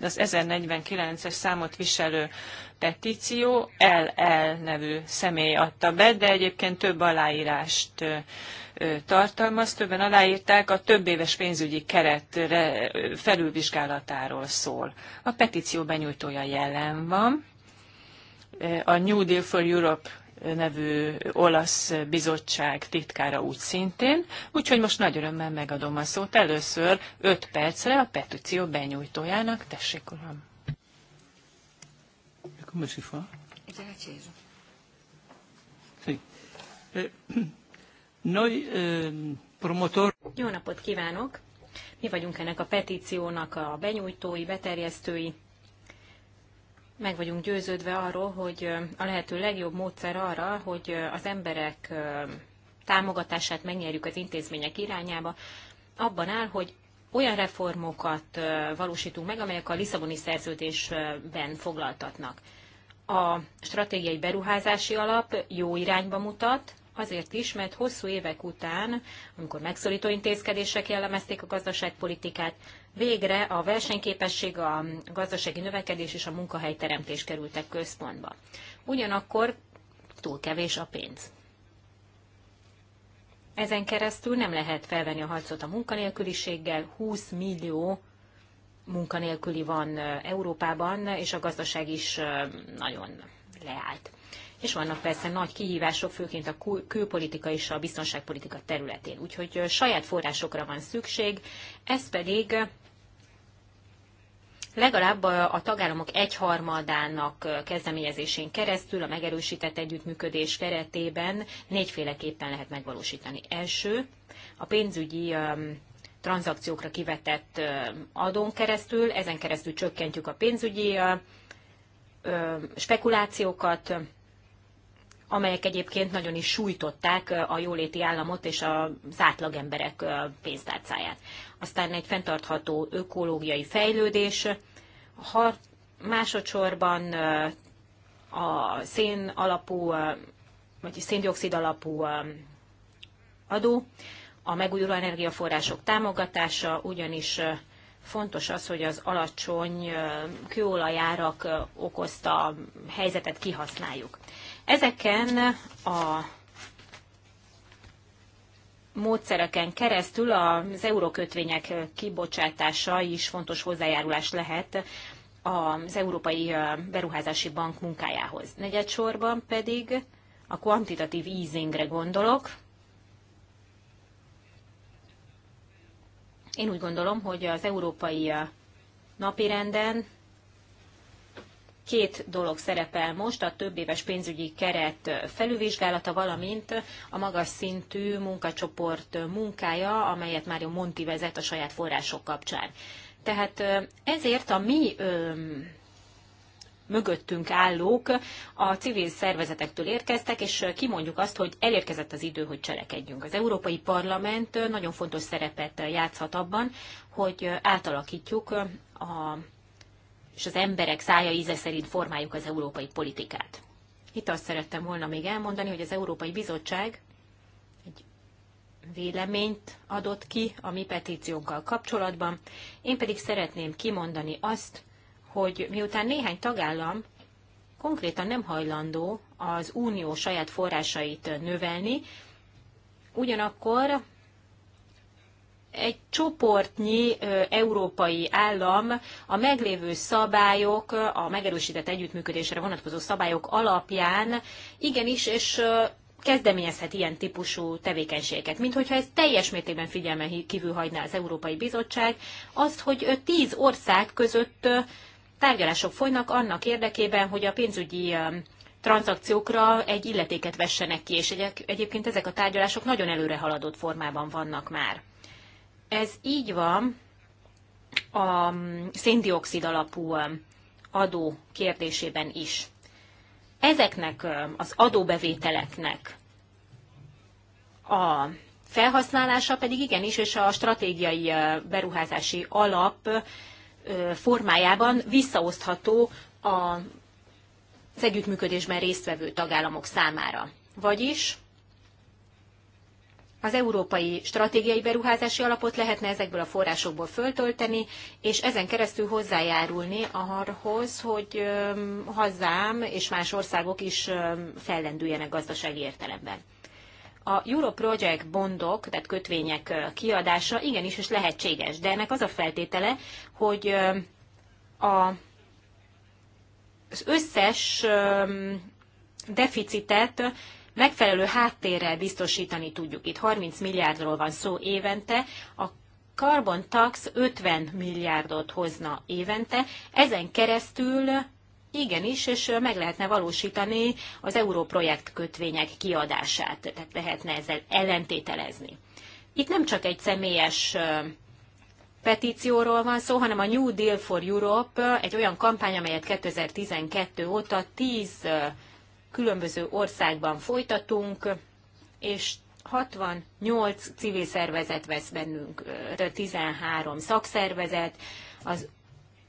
az 1049-es számot viselő petíció LL nevű személy adta be, de egyébként több aláírást tartalmaz, többen aláírták, a több éves pénzügyi keret felülvizsgálatáról szól. A petíció benyújtója jelen van, a New Deal for Europe nevű olasz bizottság titkára úgy szintén, úgyhogy most nagy örömmel megadom a szót először 5 percre a petíció benyújtójának. Tessék, uram! Eh, eh, promotor... Jó napot kívánok! Mi vagyunk ennek a petíciónak a benyújtói, beterjesztői meg vagyunk győződve arról, hogy a lehető legjobb módszer arra, hogy az emberek támogatását megnyerjük az intézmények irányába, abban áll, hogy olyan reformokat valósítunk meg, amelyek a Lisszaboni szerződésben foglaltatnak. A stratégiai beruházási alap jó irányba mutat, Azért is, mert hosszú évek után, amikor megszorító intézkedések jellemezték a gazdaságpolitikát, végre a versenyképesség, a gazdasági növekedés és a munkahelyteremtés kerültek központba. Ugyanakkor túl kevés a pénz. Ezen keresztül nem lehet felvenni a harcot a munkanélküliséggel, 20 millió munkanélküli van Európában, és a gazdaság is nagyon leállt és vannak persze nagy kihívások, főként a kül- külpolitika és a biztonságpolitika területén. Úgyhogy saját forrásokra van szükség, ez pedig legalább a tagállamok egyharmadának kezdeményezésén keresztül a megerősített együttműködés keretében négyféleképpen lehet megvalósítani. Első, a pénzügyi tranzakciókra kivetett adón keresztül, ezen keresztül csökkentjük a pénzügyi spekulációkat, amelyek egyébként nagyon is sújtották a jóléti államot és az átlagemberek pénztárcáját. Aztán egy fenntartható ökológiai fejlődés, ha másodszorban a szén alapú, vagy széndiokszid alapú adó, a megújuló energiaforrások támogatása, ugyanis fontos az, hogy az alacsony kőolajárak okozta helyzetet kihasználjuk. Ezeken a módszereken keresztül az eurókötvények kibocsátása is fontos hozzájárulás lehet az Európai Beruházási Bank munkájához. Negyedsorban pedig a kvantitatív easingre gondolok. Én úgy gondolom, hogy az európai napirenden Két dolog szerepel most, a több éves pénzügyi keret felülvizsgálata, valamint a magas szintű munkacsoport munkája, amelyet Mário Monti vezet a saját források kapcsán. Tehát ezért a mi mögöttünk állók a civil szervezetektől érkeztek, és kimondjuk azt, hogy elérkezett az idő, hogy cselekedjünk. Az Európai Parlament nagyon fontos szerepet játszhat abban, hogy átalakítjuk a és az emberek szája íze szerint formáljuk az európai politikát. Itt azt szerettem volna még elmondani, hogy az Európai Bizottság egy véleményt adott ki a mi petíciónkkal kapcsolatban. Én pedig szeretném kimondani azt, hogy miután néhány tagállam konkrétan nem hajlandó az unió saját forrásait növelni, ugyanakkor egy csoportnyi európai állam a meglévő szabályok, a megerősített együttműködésre vonatkozó szabályok alapján igenis, és kezdeményezhet ilyen típusú tevékenységeket, mint hogyha ez teljes mértékben figyelme kívül hagyná az Európai Bizottság, azt, hogy tíz ország között tárgyalások folynak annak érdekében, hogy a pénzügyi tranzakciókra egy illetéket vessenek ki, és egyébként ezek a tárgyalások nagyon előre haladott formában vannak már. Ez így van a széndiokszid alapú um, adó kérdésében is. Ezeknek um, az adóbevételeknek a felhasználása pedig igenis, és a stratégiai uh, beruházási alap uh, formájában visszaosztható az együttműködésben résztvevő tagállamok számára. Vagyis az európai stratégiai beruházási alapot lehetne ezekből a forrásokból föltölteni, és ezen keresztül hozzájárulni ahhoz, hogy hazám és más országok is fellendüljenek gazdasági értelemben. A Euro Project bondok, tehát kötvények kiadása igenis is lehetséges, de ennek az a feltétele, hogy a, az összes deficitet megfelelő háttérrel biztosítani tudjuk. Itt 30 milliárdról van szó évente, a Carbon Tax 50 milliárdot hozna évente, ezen keresztül igenis, és meg lehetne valósítani az európrojekt kötvények kiadását, tehát lehetne ezzel ellentételezni. Itt nem csak egy személyes petícióról van szó, hanem a New Deal for Europe egy olyan kampány, amelyet 2012 óta 10 különböző országban folytatunk, és 68 civil szervezet vesz bennünk, 13 szakszervezet, az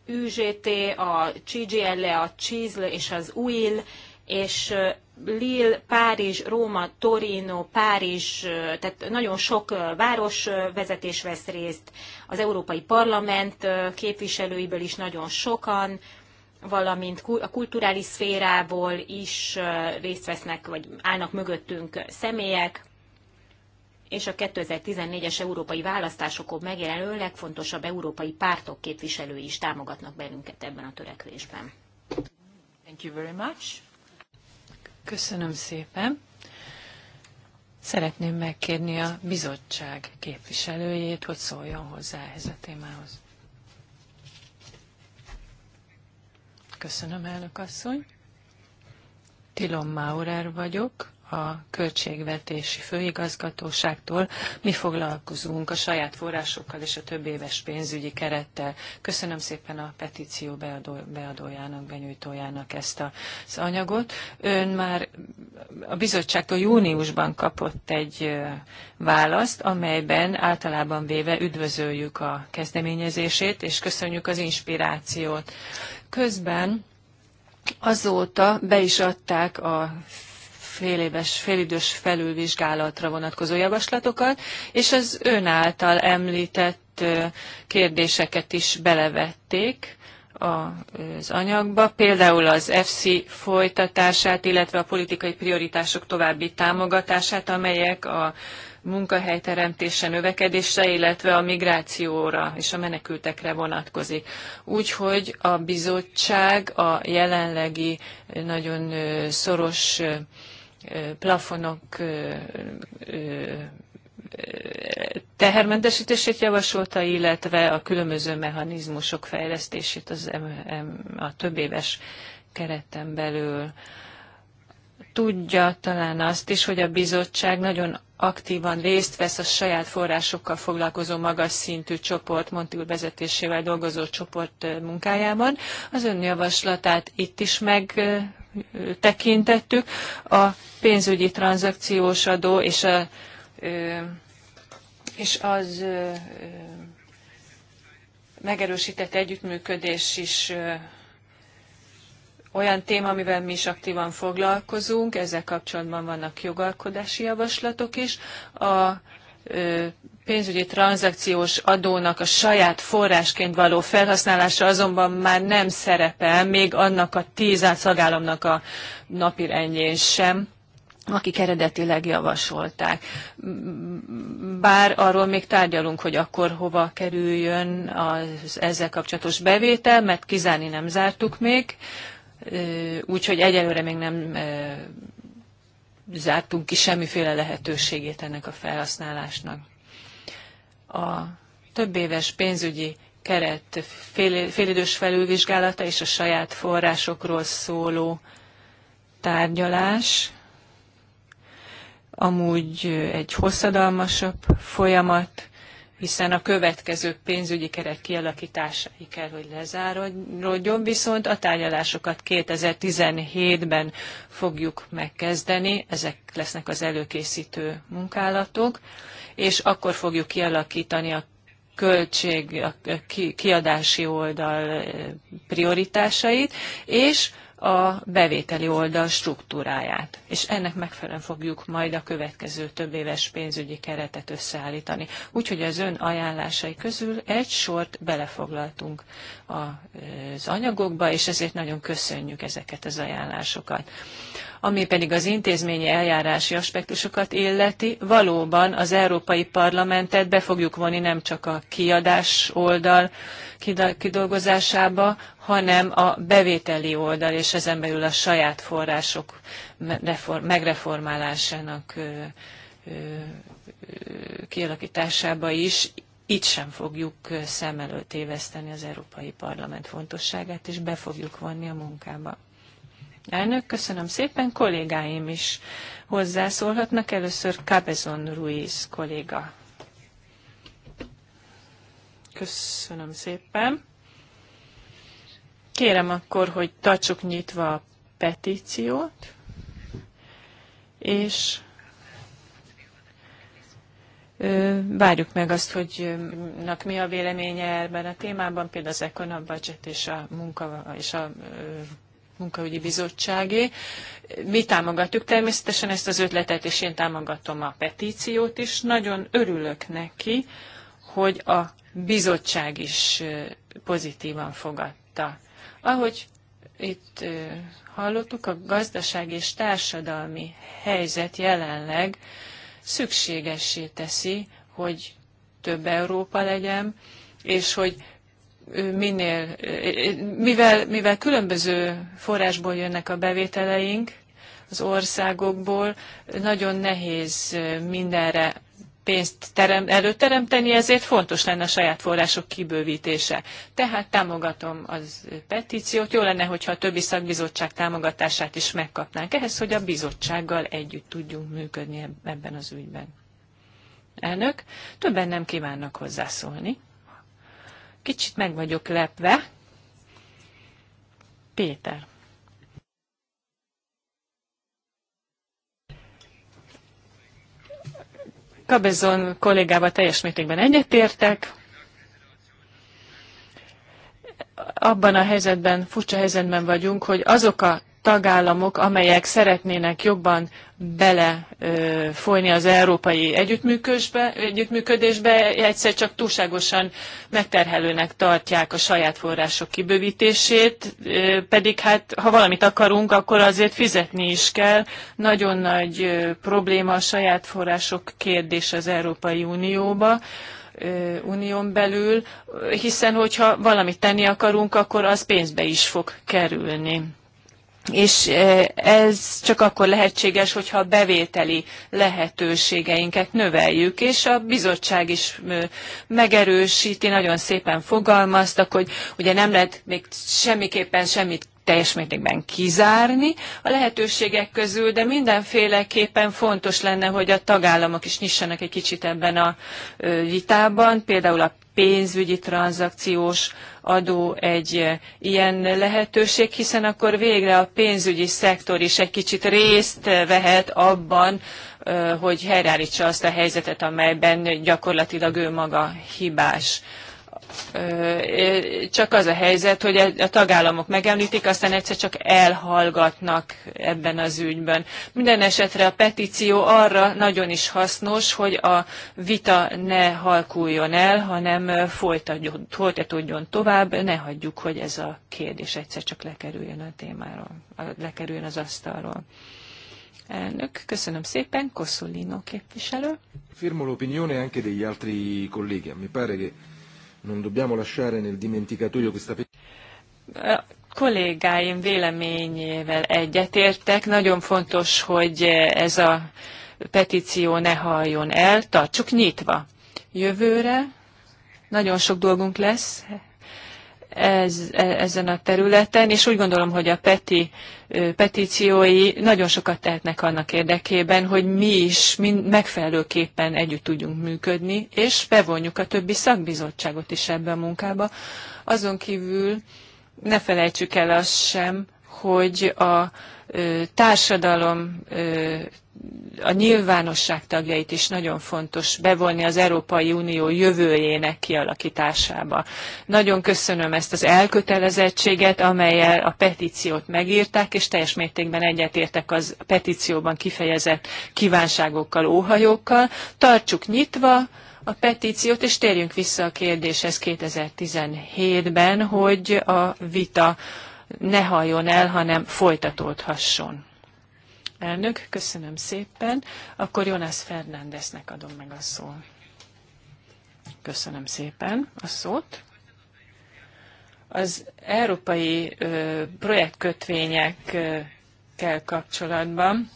UGT, a CGL, a CISL és az UIL, és Lille, Párizs, Róma, Torino, Párizs, tehát nagyon sok városvezetés vesz részt, az Európai Parlament képviselőiből is nagyon sokan, valamint a kulturális szférából is részt vesznek, vagy állnak mögöttünk személyek, és a 2014-es európai választásokon megjelenő legfontosabb európai pártok képviselői is támogatnak bennünket ebben a törekvésben. Thank you very much. Köszönöm szépen. Szeretném megkérni a bizottság képviselőjét, hogy szóljon hozzá ehhez a témához. Köszönöm, elnök asszony. Tilom Maurer vagyok, a Költségvetési Főigazgatóságtól. Mi foglalkozunk a saját forrásokkal és a több éves pénzügyi kerettel. Köszönöm szépen a petíció beadó, beadójának, benyújtójának ezt az anyagot. Ön már a bizottságtól júniusban kapott egy választ, amelyben általában véve üdvözöljük a kezdeményezését, és köszönjük az inspirációt. Közben azóta be is adták a féléves, félidős felülvizsgálatra vonatkozó javaslatokat, és az ön által említett kérdéseket is belevették az anyagba, például az FC folytatását, illetve a politikai prioritások további támogatását, amelyek a munkahelyteremtése, növekedésre, illetve a migrációra és a menekültekre vonatkozik. Úgyhogy a bizottság a jelenlegi nagyon szoros plafonok tehermentesítését javasolta, illetve a különböző mechanizmusok fejlesztését az a több éves kereten belül. Tudja talán azt is, hogy a bizottság nagyon aktívan részt vesz a saját forrásokkal foglalkozó magas szintű csoport, Montil vezetésével dolgozó csoport munkájában. Az ön javaslatát itt is meg tekintettük. A pénzügyi tranzakciós adó és, a, és az megerősített együttműködés is olyan téma, amivel mi is aktívan foglalkozunk, ezzel kapcsolatban vannak jogalkodási javaslatok is. A pénzügyi tranzakciós adónak a saját forrásként való felhasználása azonban már nem szerepel, még annak a tíz szagállamnak a napirendjén sem akik eredetileg javasolták. Bár arról még tárgyalunk, hogy akkor hova kerüljön az ezzel kapcsolatos bevétel, mert kizárni nem zártuk még, úgyhogy egyelőre még nem zártunk ki semmiféle lehetőségét ennek a felhasználásnak. A több éves pénzügyi keret fél, félidős felülvizsgálata és a saját forrásokról szóló tárgyalás amúgy egy hosszadalmasabb folyamat, hiszen a következő pénzügyi keret kialakításai kell, hogy lezárodjon, viszont a tárgyalásokat 2017-ben fogjuk megkezdeni, ezek lesznek az előkészítő munkálatok, és akkor fogjuk kialakítani a költség, a kiadási oldal eh, prioritásait, és a bevételi oldal struktúráját. És ennek megfelelően fogjuk majd a következő több éves pénzügyi keretet összeállítani. Úgyhogy az ön ajánlásai közül egy sort belefoglaltunk az anyagokba, és ezért nagyon köszönjük ezeket az ajánlásokat. Ami pedig az intézményi eljárási aspektusokat illeti, valóban az Európai Parlamentet be fogjuk vonni nem csak a kiadás oldal kidolgozásába, hanem a bevételi oldal, és ezen belül a saját források megreformálásának kialakításába is, itt sem fogjuk szem előtt éveszteni az Európai Parlament fontosságát, és be fogjuk vonni a munkába. Elnök, köszönöm szépen. Kollégáim is hozzászólhatnak. Először Cabezon Ruiz kolléga. Köszönöm szépen. Kérem akkor, hogy tartsuk nyitva a petíciót, és várjuk meg azt, hogy nak mi a véleménye ebben a témában, például az Econa Budget és a munka és a munkaügyi bizottságé. Mi támogatjuk természetesen ezt az ötletet, és én támogatom a petíciót is. Nagyon örülök neki, hogy a bizottság is pozitívan fogadta. Ahogy itt hallottuk, a gazdaság és társadalmi helyzet jelenleg szükségessé teszi, hogy több Európa legyen, és hogy minél, mivel, mivel különböző forrásból jönnek a bevételeink, az országokból, nagyon nehéz mindenre pénzt terem, előteremteni, ezért fontos lenne a saját források kibővítése. Tehát támogatom az petíciót. Jó lenne, hogyha a többi szakbizottság támogatását is megkapnánk ehhez, hogy a bizottsággal együtt tudjunk működni ebben az ügyben. Elnök, többen nem kívánnak hozzászólni. Kicsit meg vagyok lepve. Péter. Kabezon kollégával teljes mértékben egyetértek. Abban a helyzetben, furcsa helyzetben vagyunk, hogy azok a tagállamok, amelyek szeretnének jobban belefolyni az európai együttműködésbe, egyszer csak túlságosan megterhelőnek tartják a saját források kibővítését, pedig hát ha valamit akarunk, akkor azért fizetni is kell. Nagyon nagy probléma a saját források kérdés az Európai Unióba. Unión belül, hiszen hogyha valamit tenni akarunk, akkor az pénzbe is fog kerülni és e, ez csak akkor lehetséges, hogyha a bevételi lehetőségeinket növeljük, és a bizottság is megerősíti, nagyon szépen fogalmaztak, hogy ugye nem lehet még semmiképpen semmit teljes mértékben kizárni a lehetőségek közül, de mindenféleképpen fontos lenne, hogy a tagállamok is nyissanak egy kicsit ebben a vitában, például a pénzügyi tranzakciós adó egy eh, ilyen lehetőség, hiszen akkor végre a pénzügyi szektor is egy kicsit részt eh, vehet abban, eh, hogy helyreállítsa azt a helyzetet, amelyben gyakorlatilag ő maga hibás. Csak az a helyzet, hogy a tagállamok megemlítik, aztán egyszer csak elhallgatnak ebben az ügyben. Minden esetre a petíció arra nagyon is hasznos, hogy a vita ne halkuljon el, hanem folytatódjon tovább, ne hagyjuk, hogy ez a kérdés egyszer csak lekerüljön a témáról, lekerüljön az asztalról. Elnök, köszönöm szépen, Kosszulino képviselő. Firmo l'opinione anche degli altri colleghi, mi pare che Non dobbiamo lasciare nel dimenticatoio questa kollégáim véleményével egyetértek. Nagyon fontos, hogy ez a petíció ne halljon el, tartsuk nyitva. Jövőre nagyon sok dolgunk lesz ez, e, ezen a területen, és úgy gondolom, hogy a PETI petíciói nagyon sokat tehetnek annak érdekében, hogy mi is mind megfelelőképpen együtt tudjunk működni, és bevonjuk a többi szakbizottságot is ebbe a munkába. Azon kívül ne felejtsük el azt sem, hogy a társadalom, a nyilvánosság tagjait is nagyon fontos bevonni az Európai Unió jövőjének kialakításába. Nagyon köszönöm ezt az elkötelezettséget, amelyel a petíciót megírták, és teljes mértékben egyetértek az petícióban kifejezett kívánságokkal, óhajókkal. Tartsuk nyitva, a petíciót, és térjünk vissza a kérdéshez 2017-ben, hogy a vita ne halljon el, hanem folytatódhasson. Elnök, köszönöm szépen. Akkor Jonas Fernándeznek adom meg a szót. Köszönöm szépen a szót. Az európai ö, projektkötvényekkel kapcsolatban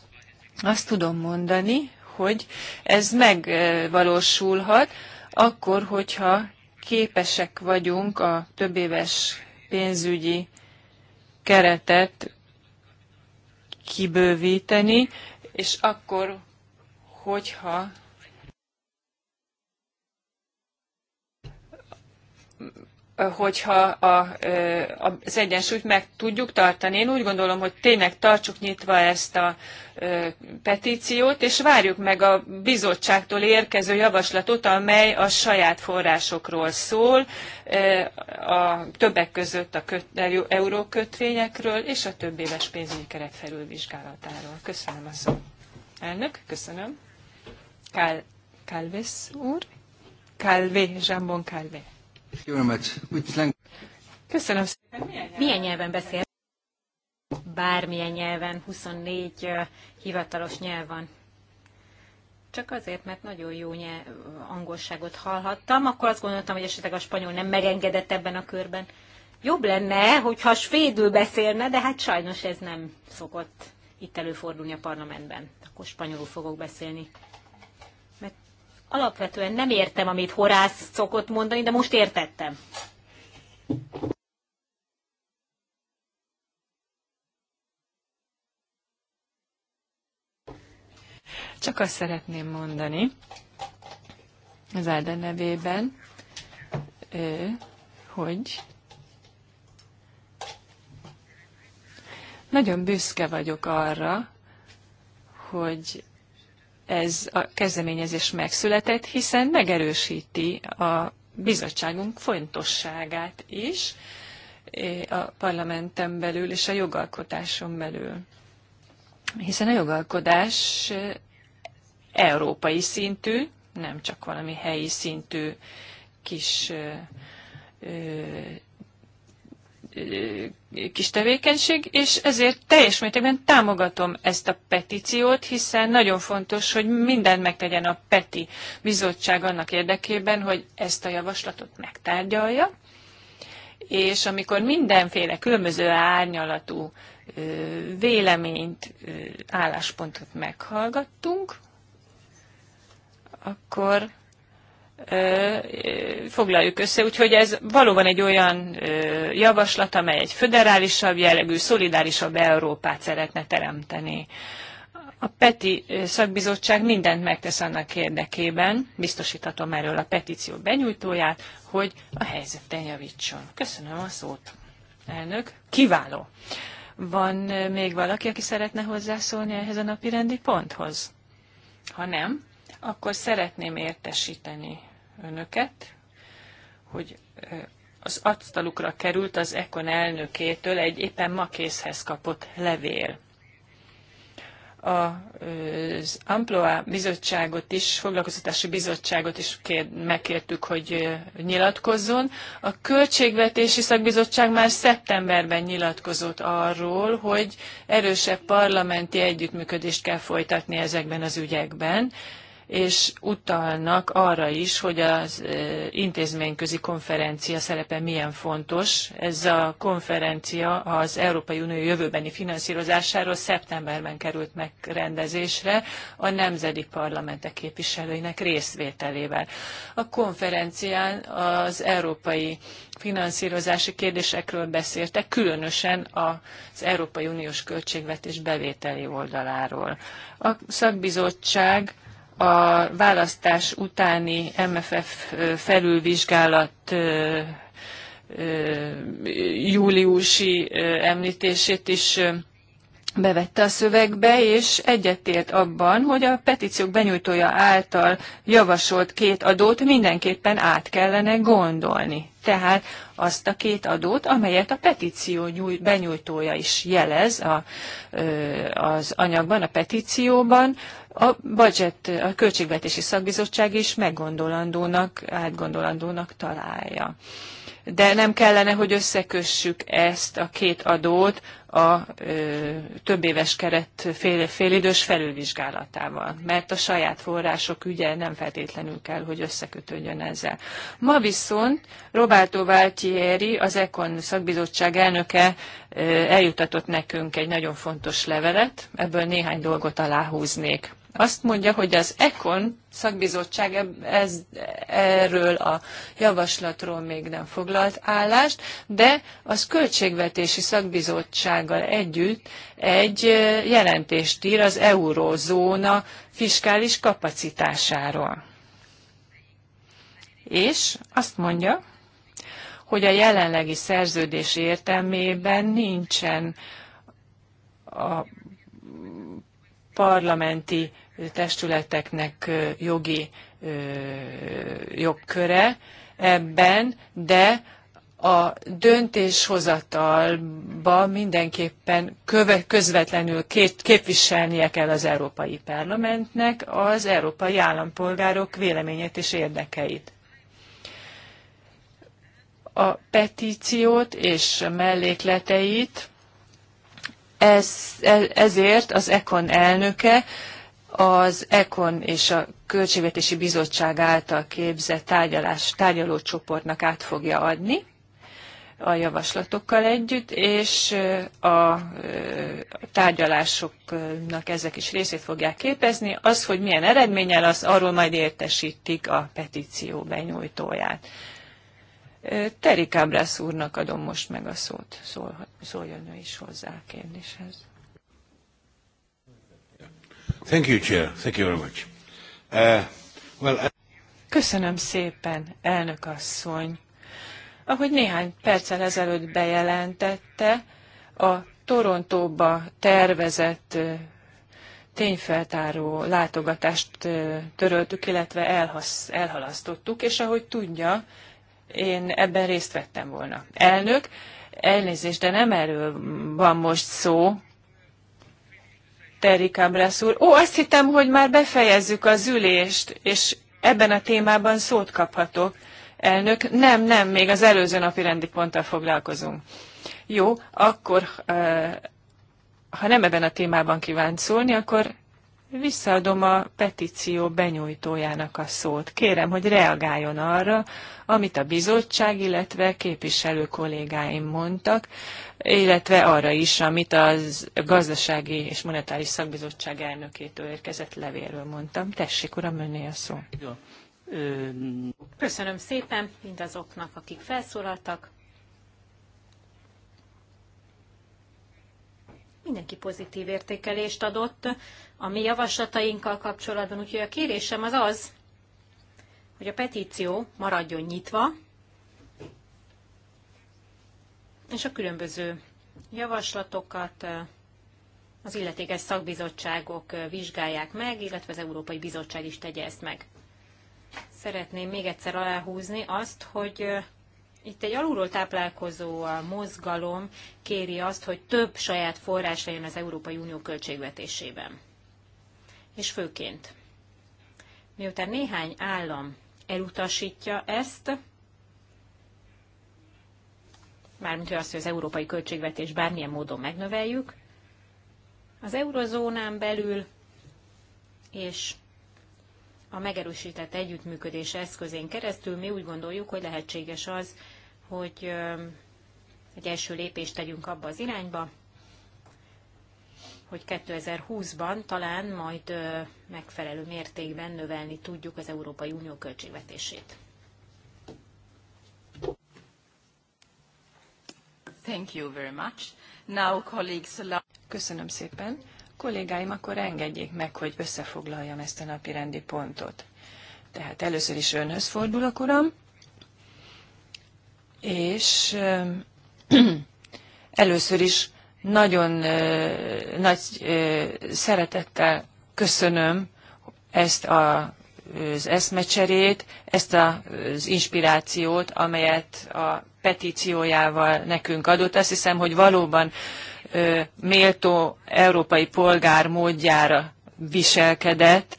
azt tudom mondani, hogy ez megvalósulhat akkor, hogyha képesek vagyunk a többéves pénzügyi keretet kibővíteni, és akkor, hogyha hogyha a, az egyensúlyt meg tudjuk tartani. Én úgy gondolom, hogy tényleg tartsuk nyitva ezt a petíciót, és várjuk meg a bizottságtól érkező javaslatot, amely a saját forrásokról szól, a többek között a köt, eurókötvényekről és a több éves pénzügyi keret felülvizsgálatáról. Köszönöm a szót. Elnök, köszönöm. Kál, Kálvész úr? Kálvé, Zsambon Kálvé. Köszönöm szépen. Milyen nyelven, beszél? Bármilyen nyelven, 24 hivatalos nyelv van. Csak azért, mert nagyon jó nyelv, angolságot hallhattam, akkor azt gondoltam, hogy esetleg a spanyol nem megengedett ebben a körben. Jobb lenne, hogyha svédül beszélne, de hát sajnos ez nem szokott itt előfordulni a parlamentben. Akkor spanyolul fogok beszélni alapvetően nem értem, amit Horász szokott mondani, de most értettem. Csak azt szeretném mondani az Áda nevében, hogy nagyon büszke vagyok arra, hogy ez a kezdeményezés megszületett, hiszen megerősíti a bizottságunk fontosságát is eh, a parlamenten belül és a jogalkotáson belül. Hiszen a jogalkodás eh, európai szintű, nem csak valami helyi szintű kis eh, kis tevékenység, és ezért teljes mértékben támogatom ezt a petíciót, hiszen nagyon fontos, hogy mindent megtegyen a PETI bizottság annak érdekében, hogy ezt a javaslatot megtárgyalja, és amikor mindenféle különböző árnyalatú véleményt, álláspontot meghallgattunk, akkor foglaljuk össze. Úgyhogy ez valóban egy olyan javaslat, amely egy föderálisabb jellegű, szolidárisabb Európát szeretne teremteni. A PETI szakbizottság mindent megtesz annak érdekében, biztosíthatom erről a petíció benyújtóját, hogy a helyzeten javítson. Köszönöm a szót, elnök. Kiváló. Van még valaki, aki szeretne hozzászólni ehhez a napi rendi ponthoz? Ha nem, akkor szeretném értesíteni önöket, hogy az asztalukra került az Ekon elnökétől egy éppen ma készhez kapott levél. Az Amploa bizottságot is, foglalkoztatási bizottságot is kér, megkértük, hogy nyilatkozzon. A Költségvetési Szakbizottság már szeptemberben nyilatkozott arról, hogy erősebb parlamenti együttműködést kell folytatni ezekben az ügyekben és utalnak arra is, hogy az intézményközi konferencia szerepe milyen fontos. Ez a konferencia az Európai Unió jövőbeni finanszírozásáról szeptemberben került megrendezésre a nemzeti parlamentek képviselőinek részvételével. A konferencián az európai finanszírozási kérdésekről beszéltek, különösen az Európai Uniós költségvetés bevételi oldaláról. A szakbizottság a választás utáni MFF felülvizsgálat júliusi említését is bevette a szövegbe, és egyetért abban, hogy a petíciók benyújtója által javasolt két adót mindenképpen át kellene gondolni. Tehát azt a két adót, amelyet a petíció nyújt, benyújtója is jelez a, az anyagban, a petícióban, a budget, a Költségvetési Szakbizottság is meggondolandónak, átgondolandónak találja. De nem kellene, hogy összekössük ezt a két adót, a ö, több éves keret fél, félidős felülvizsgálatával, mert a saját források ügye nem feltétlenül kell, hogy összekötődjön ezzel. Ma viszont Roberto Valtieri, az Econ szakbizottság elnöke ö, eljutatott nekünk egy nagyon fontos levelet, ebből néhány dolgot aláhúznék azt mondja, hogy az ECON szakbizottság ez, erről a javaslatról még nem foglalt állást, de az költségvetési szakbizottsággal együtt egy jelentést ír az eurózóna fiskális kapacitásáról. És azt mondja, hogy a jelenlegi szerződés értelmében nincsen a parlamenti testületeknek jogi jogköre ebben, de a döntéshozatalba mindenképpen köve, közvetlenül két, képviselnie kell az Európai Parlamentnek az európai állampolgárok véleményét és érdekeit. A petíciót és mellékleteit ez, e, ezért az ECON elnöke az ECON és a Költségvetési Bizottság által képzett tárgyalás, tárgyalócsoportnak át fogja adni a javaslatokkal együtt, és e, e, a tárgyalásoknak ezek is részét fogják képezni. Az, hogy milyen eredménnyel, az arról majd értesítik a petíció benyújtóját. Teri Cabrász úrnak adom most meg a szót, Szól, szóljon ő is hozzá a kérdéshez. Thank you, Chair. Thank you very much. Uh, well, I... Uh, Köszönöm szépen, elnök asszony. Ahogy néhány perccel ezelőtt bejelentette, a Torontóba tervezett tényfeltáró látogatást töröltük, illetve elhasz, elhalasztottuk, és ahogy tudja, én ebben részt vettem volna. Elnök, elnézést, de nem erről van most szó. Terry Cabras úr. Ó, azt hittem, hogy már befejezzük az ülést, és ebben a témában szót kaphatok. Elnök, nem, nem, még az előző napi rendi ponttal foglalkozunk. Jó, akkor ha nem ebben a témában kívánt szólni, akkor Visszaadom a petíció benyújtójának a szót. Kérem, hogy reagáljon arra, amit a bizottság, illetve képviselő kollégáim mondtak, illetve arra is, amit az gazdasági és monetáris szakbizottság elnökétől érkezett levélről mondtam. Tessék, uram, önné a szó. Köszönöm szépen mindazoknak, akik felszólaltak. Mindenki pozitív értékelést adott a mi javaslatainkkal kapcsolatban, úgyhogy a kérésem az az, hogy a petíció maradjon nyitva, és a különböző javaslatokat eh, az illetékes szakbizottságok eh, vizsgálják meg, illetve az Európai Bizottság is tegye ezt meg. Szeretném még egyszer aláhúzni azt, hogy eh, itt egy alulról táplálkozó mozgalom kéri azt, hogy több saját forrás legyen az Európai Unió költségvetésében és főként, miután néhány állam elutasítja ezt, mármint hogy azt, hogy az európai költségvetés bármilyen módon megnöveljük, az eurozónán belül és a megerősített együttműködés eszközén keresztül mi úgy gondoljuk, hogy lehetséges az, hogy egy első lépést tegyünk abba az irányba, hogy 2020-ban talán majd megfelelő mértékben növelni tudjuk az Európai Unió költségvetését. Thank you very much. Now, colleagues, allow... Köszönöm szépen. Kollégáim, akkor engedjék meg, hogy összefoglaljam ezt a napi rendi pontot. Tehát először is önhöz fordulok, uram, és először is nagyon nagy szeretettel köszönöm ezt a az eszmecserét, ezt az inspirációt, amelyet a petíciójával nekünk adott. Azt hiszem, hogy valóban méltó európai polgár módjára viselkedett,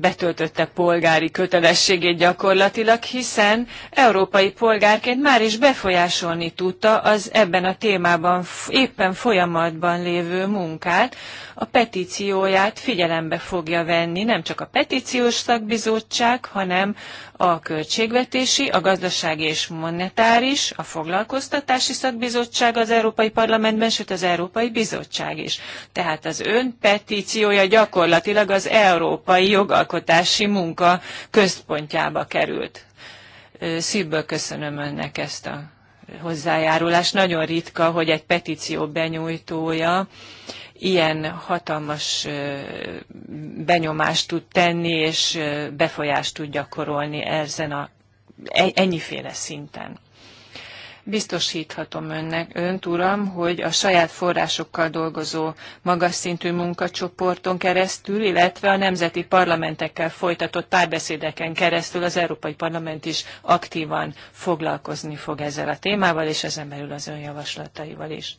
betöltötte polgári kötelességét gyakorlatilag, hiszen európai polgárként már is befolyásolni tudta az ebben a témában éppen folyamatban lévő munkát. A petícióját figyelembe fogja venni nem csak a petíciós szakbizottság, hanem a költségvetési, a gazdasági és monetáris, a foglalkoztatási szakbizottság az Európai Parlamentben, sőt az Európai Bizottság is. Tehát az ön petíciója gyakorlatilag az európai jogalkotási munka központjába került. Szívből köszönöm önnek ezt a hozzájárulást. Nagyon ritka, hogy egy petíció benyújtója ilyen hatalmas benyomást tud tenni, és befolyást tud gyakorolni ezen a, e-, ennyiféle szinten. Biztosíthatom önnek, önt, uram, hogy a saját forrásokkal dolgozó magas szintű munkacsoporton keresztül, illetve a nemzeti parlamentekkel folytatott párbeszédeken keresztül az Európai Parlament is aktívan foglalkozni fog ezzel a témával, és ezen belül az ön javaslataival is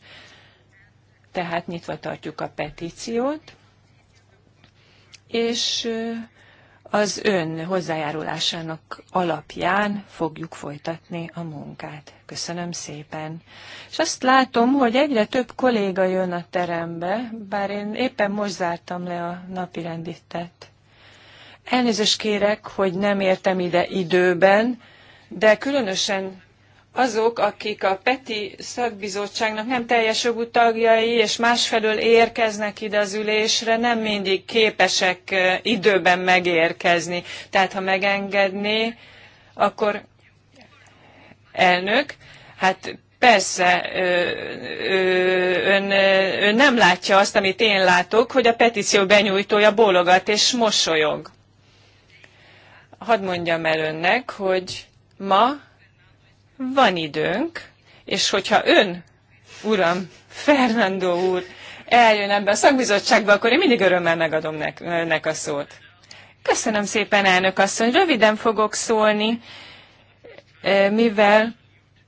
tehát nyitva tartjuk a petíciót, és az ön hozzájárulásának alapján fogjuk folytatni a munkát. Köszönöm szépen. És azt látom, hogy egyre több kolléga jön a terembe, bár én éppen most zártam le a napi rendítet. Elnézést kérek, hogy nem értem ide időben, de különösen azok, akik a PETI szakbizottságnak nem teljes jogú tagjai, és másfelől érkeznek ide az ülésre, nem mindig képesek időben megérkezni. Tehát, ha megengedné, akkor elnök, hát Persze, ön, ön nem látja azt, amit én látok, hogy a petíció benyújtója bólogat és mosolyog. Hadd mondjam el önnek, hogy ma van időnk, és hogyha ön, uram, Fernando úr, eljön ebbe a szakbizottságba, akkor én mindig örömmel megadom önnek a szót. Köszönöm szépen, elnök asszony. Röviden fogok szólni, eh, mivel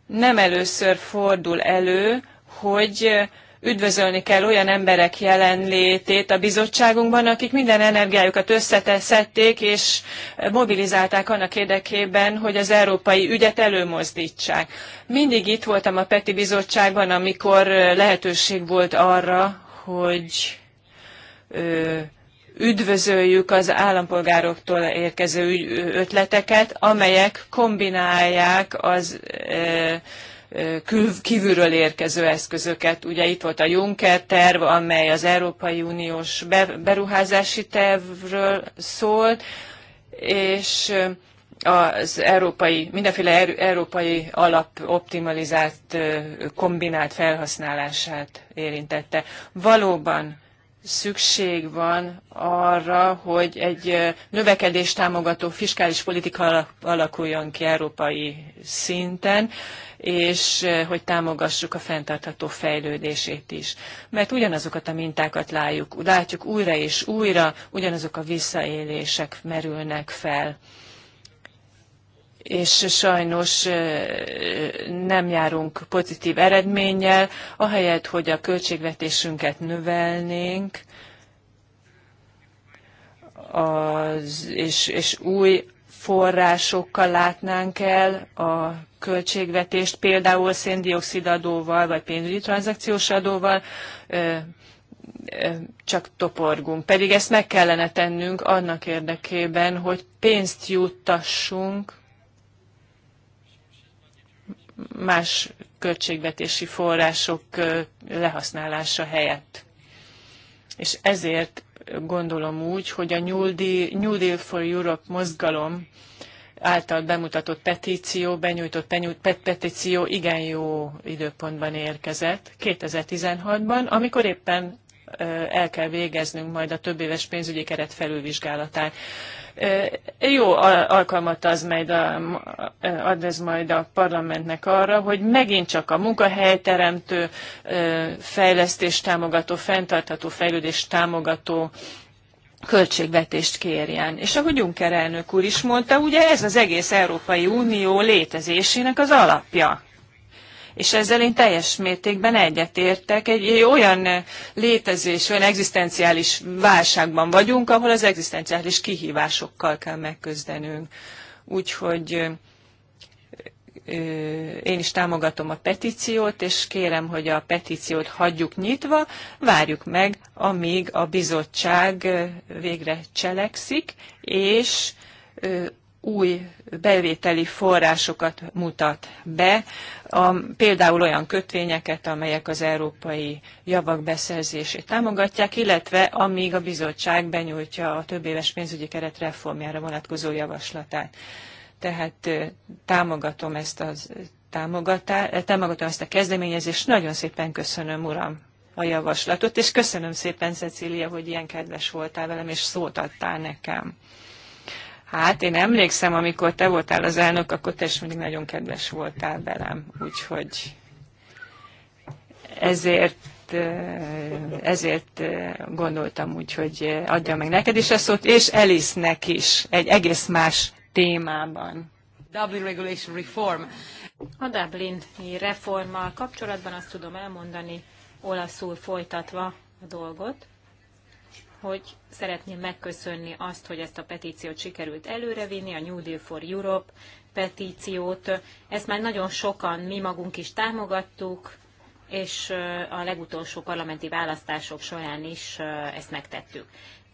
nem először fordul elő, hogy eh, üdvözölni kell olyan emberek jelenlétét a bizottságunkban, akik minden energiájukat összeteszették és mobilizálták annak érdekében, hogy az európai ügyet előmozdítsák. Mindig itt voltam a Peti Bizottságban, amikor lehetőség volt arra, hogy ö, üdvözöljük az állampolgároktól érkező ötleteket, amelyek kombinálják az ö, kívülről érkező eszközöket. Ugye itt volt a Juncker terv, amely az Európai Uniós beruházási tervről szólt, és az európai, mindenféle er-, európai alap optimalizált, kombinált felhasználását érintette. Valóban szükség van arra, hogy egy növekedést támogató fiskális politika alakuljon ki európai szinten, és eh, hogy támogassuk a fenntartható fejlődését is. Mert ugyanazokat a mintákat látjuk, látjuk újra és újra, ugyanazok a visszaélések merülnek fel és sajnos eh, nem járunk pozitív eredménnyel, ahelyett, hogy a költségvetésünket növelnénk, az, és, és új forrásokkal látnánk el a költségvetést, például széndiokszid adóval, vagy pénzügyi tranzakciós adóval, csak toporgunk. Pedig ezt meg kellene tennünk annak érdekében, hogy pénzt juttassunk más költségvetési források lehasználása helyett. És ezért gondolom úgy, hogy a New Deal, New Deal for Europe mozgalom által bemutatott petíció, benyújtott petíció igen jó időpontban érkezett, 2016-ban, amikor éppen el kell végeznünk majd a több éves pénzügyi keret felülvizsgálatát. Jó alkalmat az majd a, ad ez majd a parlamentnek arra, hogy megint csak a munkahelyteremtő, fejlesztés támogató, fenntartható fejlődés támogató költségvetést kérjen. És ahogy Juncker elnök úr is mondta, ugye ez az egész Európai Unió létezésének az alapja. És ezzel én teljes mértékben egyetértek. Egy olyan létezés, olyan egzisztenciális válságban vagyunk, ahol az egzisztenciális kihívásokkal kell megküzdenünk. Úgyhogy én is támogatom a petíciót, és kérem, hogy a petíciót hagyjuk nyitva, várjuk meg, amíg a bizottság végre cselekszik, és új bevételi forrásokat mutat be a, például olyan kötvényeket, amelyek az európai javak beszerzését támogatják, illetve amíg a bizottság benyújtja a több éves pénzügyi keret reformjára vonatkozó javaslatát. Tehát támogatom ezt az támogatá, támogatom ezt a kezdeményezést. Nagyon szépen köszönöm, uram, a javaslatot, és köszönöm szépen, Cecília, hogy ilyen kedves voltál velem, és szót adtál nekem. Hát én emlékszem, amikor te voltál az elnök, akkor te is mindig nagyon kedves voltál velem, úgyhogy ezért eh, ezért eh, gondoltam úgy, hogy eh, adjam meg neked is a szót, és Elisnek is, egy egész más témában. Dublin Regulation Reform. A Dublini reformmal kapcsolatban azt tudom elmondani, olaszul folytatva a dolgot, hogy szeretném megköszönni azt, hogy ezt a petíciót sikerült előrevinni, a New Deal for Europe petíciót. Ezt már nagyon sokan mi magunk is támogattuk, és a legutolsó parlamenti választások során is ezt megtettük.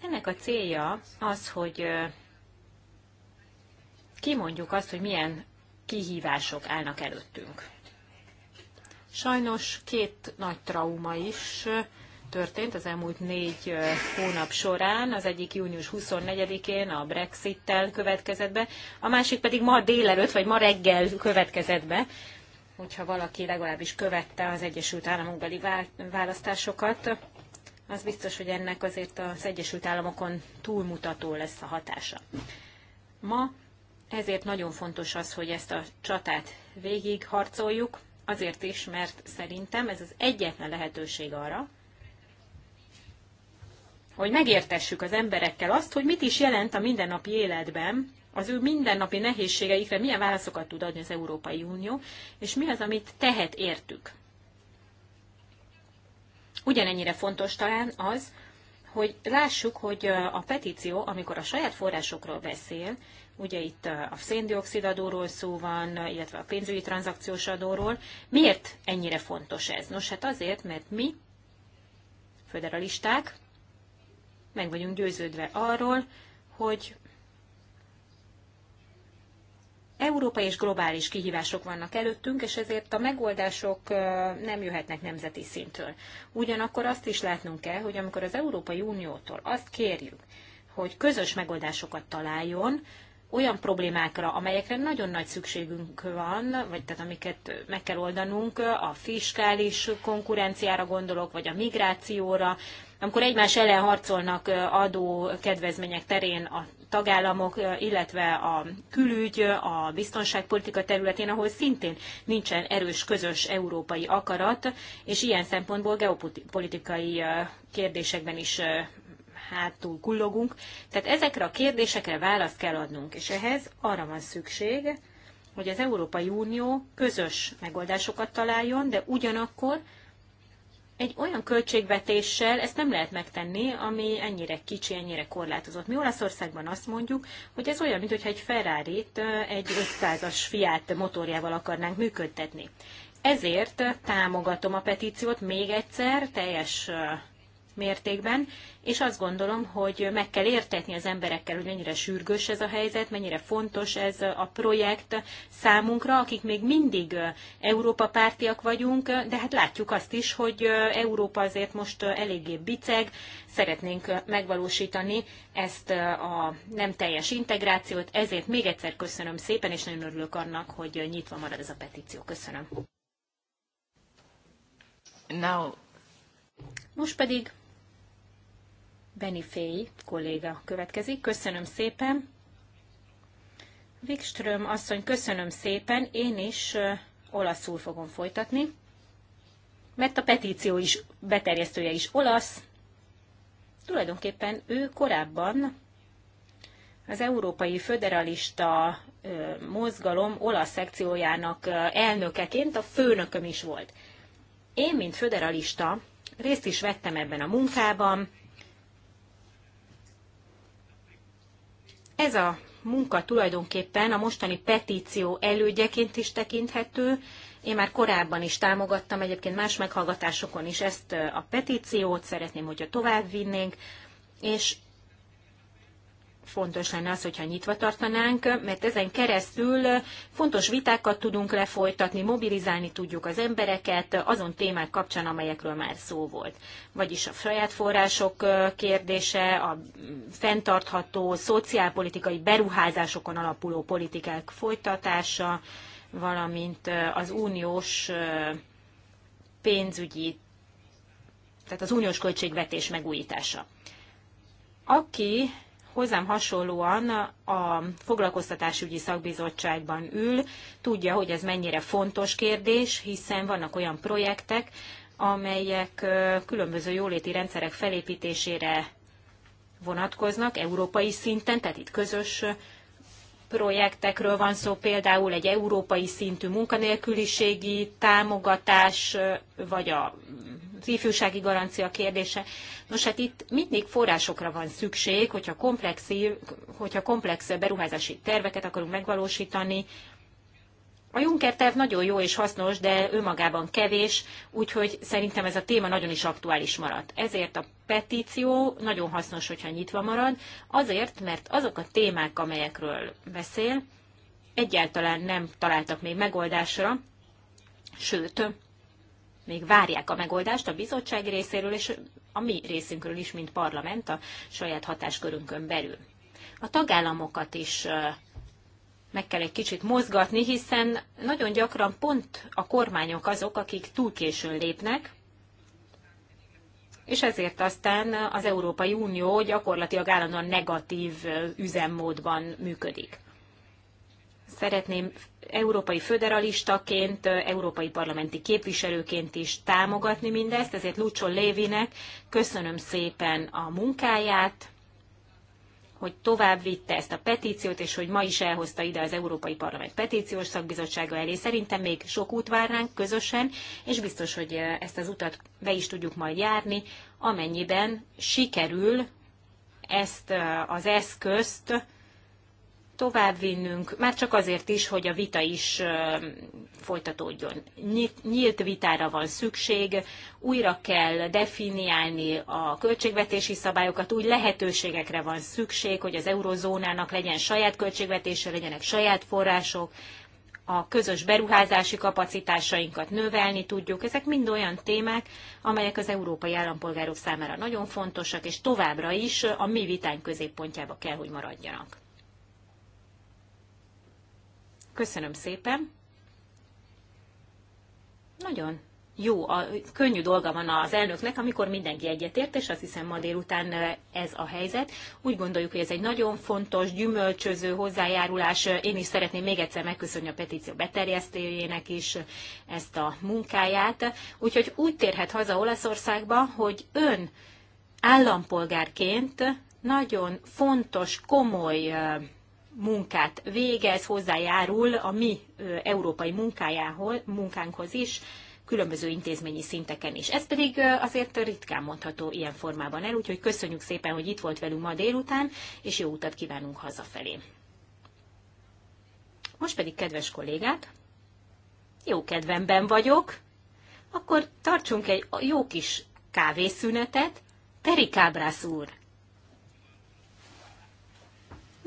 Ennek a célja az, hogy kimondjuk azt, hogy milyen kihívások állnak előttünk. Sajnos két nagy trauma is történt az elmúlt négy hónap során. Az egyik június 24-én a Brexit-tel következett be, a másik pedig ma délelőtt vagy ma reggel következett be, hogyha valaki legalábbis követte az Egyesült Államokbeli választásokat, az biztos, hogy ennek azért az Egyesült Államokon túlmutató lesz a hatása. Ma ezért nagyon fontos az, hogy ezt a csatát végig harcoljuk, azért is, mert szerintem ez az egyetlen lehetőség arra, hogy megértessük az emberekkel azt, hogy mit is jelent a mindennapi életben, az ő mindennapi nehézségeikre milyen válaszokat tud adni az Európai Unió, és mi az, amit tehet értük. Ugyanennyire fontos talán az, hogy lássuk, hogy a petíció, amikor a saját forrásokról beszél, ugye itt a széndiokszid adóról szó van, illetve a pénzügyi tranzakciós adóról, miért ennyire fontos ez? Nos, hát azért, mert mi, föderalisták, meg vagyunk győződve arról, hogy európai és globális kihívások vannak előttünk, és ezért a megoldások nem jöhetnek nemzeti szintől. Ugyanakkor azt is látnunk kell, hogy amikor az Európai Uniótól azt kérjük, hogy közös megoldásokat találjon, olyan problémákra, amelyekre nagyon nagy szükségünk van, vagy tehát amiket meg kell oldanunk, a fiskális konkurenciára gondolok, vagy a migrációra, amikor egymás ellen harcolnak adó kedvezmények terén a tagállamok, illetve a külügy, a biztonságpolitika területén, ahol szintén nincsen erős közös európai akarat, és ilyen szempontból geopolitikai kérdésekben is hátul kullogunk. Tehát ezekre a kérdésekre választ kell adnunk, és ehhez arra van szükség, hogy az Európai Unió közös megoldásokat találjon, de ugyanakkor egy olyan költségvetéssel ezt nem lehet megtenni, ami ennyire kicsi, ennyire korlátozott. Mi Olaszországban azt mondjuk, hogy ez olyan, mintha egy ferrari egy 500-as Fiat motorjával akarnánk működtetni. Ezért támogatom a petíciót még egyszer, teljes mértékben, és azt gondolom, hogy meg kell értetni az emberekkel, hogy mennyire sürgős ez a helyzet, mennyire fontos ez a projekt számunkra, akik még mindig Európa pártiak vagyunk, de hát látjuk azt is, hogy Európa azért most eléggé biceg, szeretnénk megvalósítani ezt a nem teljes integrációt, ezért még egyszer köszönöm szépen, és nagyon örülök annak, hogy nyitva marad ez a petíció. Köszönöm. Now. Most pedig Fay kolléga következik. Köszönöm szépen. Wikström asszony, köszönöm szépen. Én is olaszul fogom folytatni, mert a petíció is beterjesztője is olasz. Tulajdonképpen ő korábban az Európai Föderalista Mozgalom olasz szekciójának elnökeként a főnököm is volt. Én, mint föderalista, részt is vettem ebben a munkában, Ez a munka tulajdonképpen a mostani petíció elődjeként is tekinthető. Én már korábban is támogattam, egyébként más meghallgatásokon is ezt a petíciót, szeretném, hogyha tovább vinnénk, és fontos lenne az, hogyha nyitva tartanánk, mert ezen keresztül fontos vitákat tudunk lefolytatni, mobilizálni tudjuk az embereket azon témák kapcsán, amelyekről már szó volt. Vagyis a saját források kérdése, a fenntartható szociálpolitikai beruházásokon alapuló politikák folytatása, valamint az uniós pénzügyi, tehát az uniós költségvetés megújítása. Aki hozzám hasonlóan a foglalkoztatásügyi szakbizottságban ül, tudja, hogy ez mennyire fontos kérdés, hiszen vannak olyan projektek, amelyek különböző jóléti rendszerek felépítésére vonatkoznak európai szinten, tehát itt közös projektekről van szó, például egy európai szintű munkanélküliségi támogatás, vagy a ifjúsági garancia kérdése. Nos, hát itt mindig forrásokra van szükség, hogyha komplex, hogyha komplex beruházási terveket akarunk megvalósítani. A Juncker terv nagyon jó és hasznos, de önmagában kevés, úgyhogy szerintem ez a téma nagyon is aktuális maradt. Ezért a petíció nagyon hasznos, hogyha nyitva marad, azért, mert azok a témák, amelyekről beszél, egyáltalán nem találtak még megoldásra, sőt, még várják a megoldást a bizottság részéről, és a mi részünkről is, mint parlament a saját hatáskörünkön belül. A tagállamokat is meg kell egy kicsit mozgatni, hiszen nagyon gyakran pont a kormányok azok, akik túl későn lépnek, és ezért aztán az Európai Unió gyakorlatilag állandóan negatív üzemmódban működik szeretném európai föderalistaként, európai parlamenti képviselőként is támogatni mindezt, ezért Lucho Lévinek köszönöm szépen a munkáját, hogy tovább vitte ezt a petíciót, és hogy ma is elhozta ide az Európai Parlament petíciós szakbizottsága elé. Szerintem még sok út vár ránk közösen, és biztos, hogy eh, ezt az utat be is tudjuk majd járni, amennyiben sikerül ezt eh, az eszközt továbbvinnünk, már csak azért is, hogy a vita is folytatódjon. Nyílt vitára van szükség, újra kell definiálni a költségvetési szabályokat, új lehetőségekre van szükség, hogy az eurozónának legyen saját költségvetése, legyenek saját források, a közös beruházási kapacitásainkat növelni tudjuk. Ezek mind olyan témák, amelyek az európai állampolgárok számára nagyon fontosak, és továbbra is a mi vitány középpontjába kell, hogy maradjanak. Köszönöm szépen. Nagyon jó, a, könnyű dolga van az elnöknek, amikor mindenki egyetért, és azt hiszem ma délután ez a helyzet. Úgy gondoljuk, hogy ez egy nagyon fontos, gyümölcsöző hozzájárulás. Én is szeretném még egyszer megköszönni a petíció beterjesztőjének is ezt a munkáját. Úgyhogy úgy térhet haza Olaszországba, hogy ön állampolgárként nagyon fontos, komoly munkát végez, hozzájárul a mi európai munkájához, munkánkhoz is, különböző intézményi szinteken is. Ez pedig azért ritkán mondható ilyen formában el, úgyhogy köszönjük szépen, hogy itt volt velünk ma délután, és jó utat kívánunk hazafelé. Most pedig, kedves kollégák, jó kedvemben vagyok, akkor tartsunk egy jó kis kávészünetet. Peri Kábrász úr,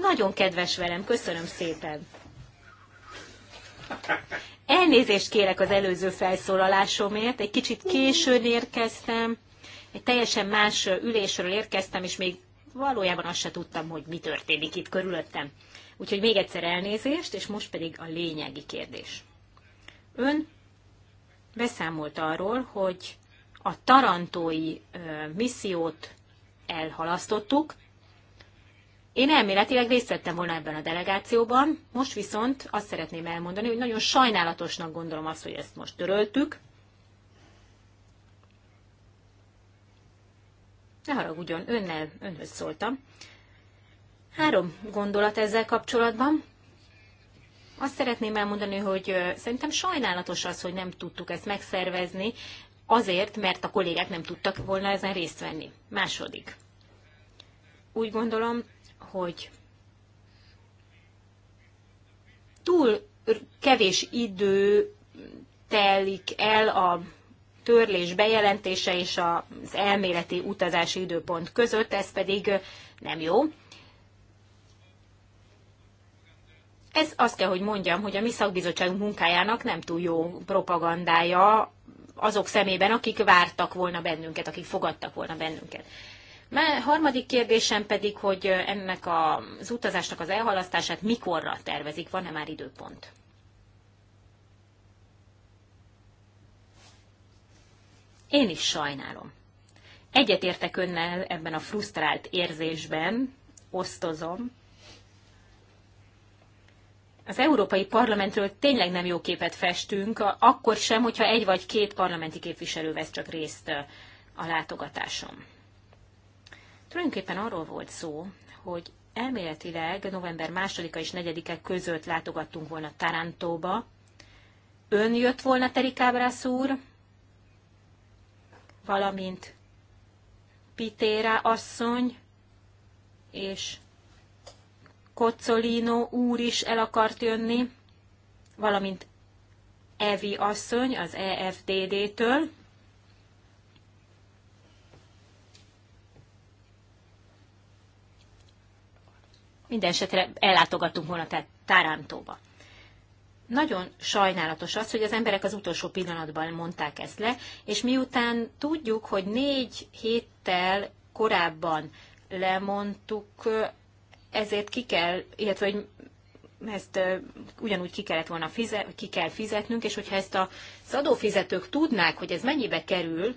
nagyon kedves velem, köszönöm szépen. Elnézést kérek az előző felszólalásomért, egy kicsit későn érkeztem, egy teljesen más ülésről érkeztem, és még valójában azt se tudtam, hogy mi történik itt körülöttem. Úgyhogy még egyszer elnézést, és most pedig a lényegi kérdés. Ön beszámolt arról, hogy a tarantói missziót elhalasztottuk, én elméletileg részt vettem volna ebben a delegációban, most viszont azt szeretném elmondani, hogy nagyon sajnálatosnak gondolom azt, hogy ezt most töröltük. Ne haragudjon, önnel, önhöz szóltam. Három gondolat ezzel kapcsolatban. Azt szeretném elmondani, hogy szerintem sajnálatos az, hogy nem tudtuk ezt megszervezni, azért, mert a kollégák nem tudtak volna ezen részt venni. Második. Úgy gondolom, hogy túl kevés idő telik el a törlés bejelentése és az elméleti utazási időpont között, ez pedig nem jó. Ez azt kell, hogy mondjam, hogy a mi szakbizottságunk munkájának nem túl jó propagandája azok szemében, akik vártak volna bennünket, akik fogadtak volna bennünket harmadik kérdésem pedig, hogy ennek az utazásnak az elhalasztását mikorra tervezik, van-e már időpont? Én is sajnálom. Egyetértek önnel ebben a frusztrált érzésben, osztozom. Az Európai Parlamentről tényleg nem jó képet festünk, akkor sem, hogyha egy vagy két parlamenti képviselő vesz csak részt a látogatáson. Tulajdonképpen arról volt szó, hogy elméletileg november 2-a és 4-e között látogattunk volna Tarantóba. Ön jött volna, Teri Kábrász úr, valamint Pitéra asszony, és Kocolino úr is el akart jönni, valamint Evi asszony az EFDD-től, Minden esetre ellátogattunk volna tehát Tárántóba. Nagyon sajnálatos az, hogy az emberek az utolsó pillanatban mondták ezt le, és miután tudjuk, hogy négy héttel korábban lemondtuk, ezért ki kell, illetve hogy ezt ugyanúgy ki kellett volna fizet, ki kell fizetnünk, és hogyha ezt az adófizetők tudnák, hogy ez mennyibe kerül,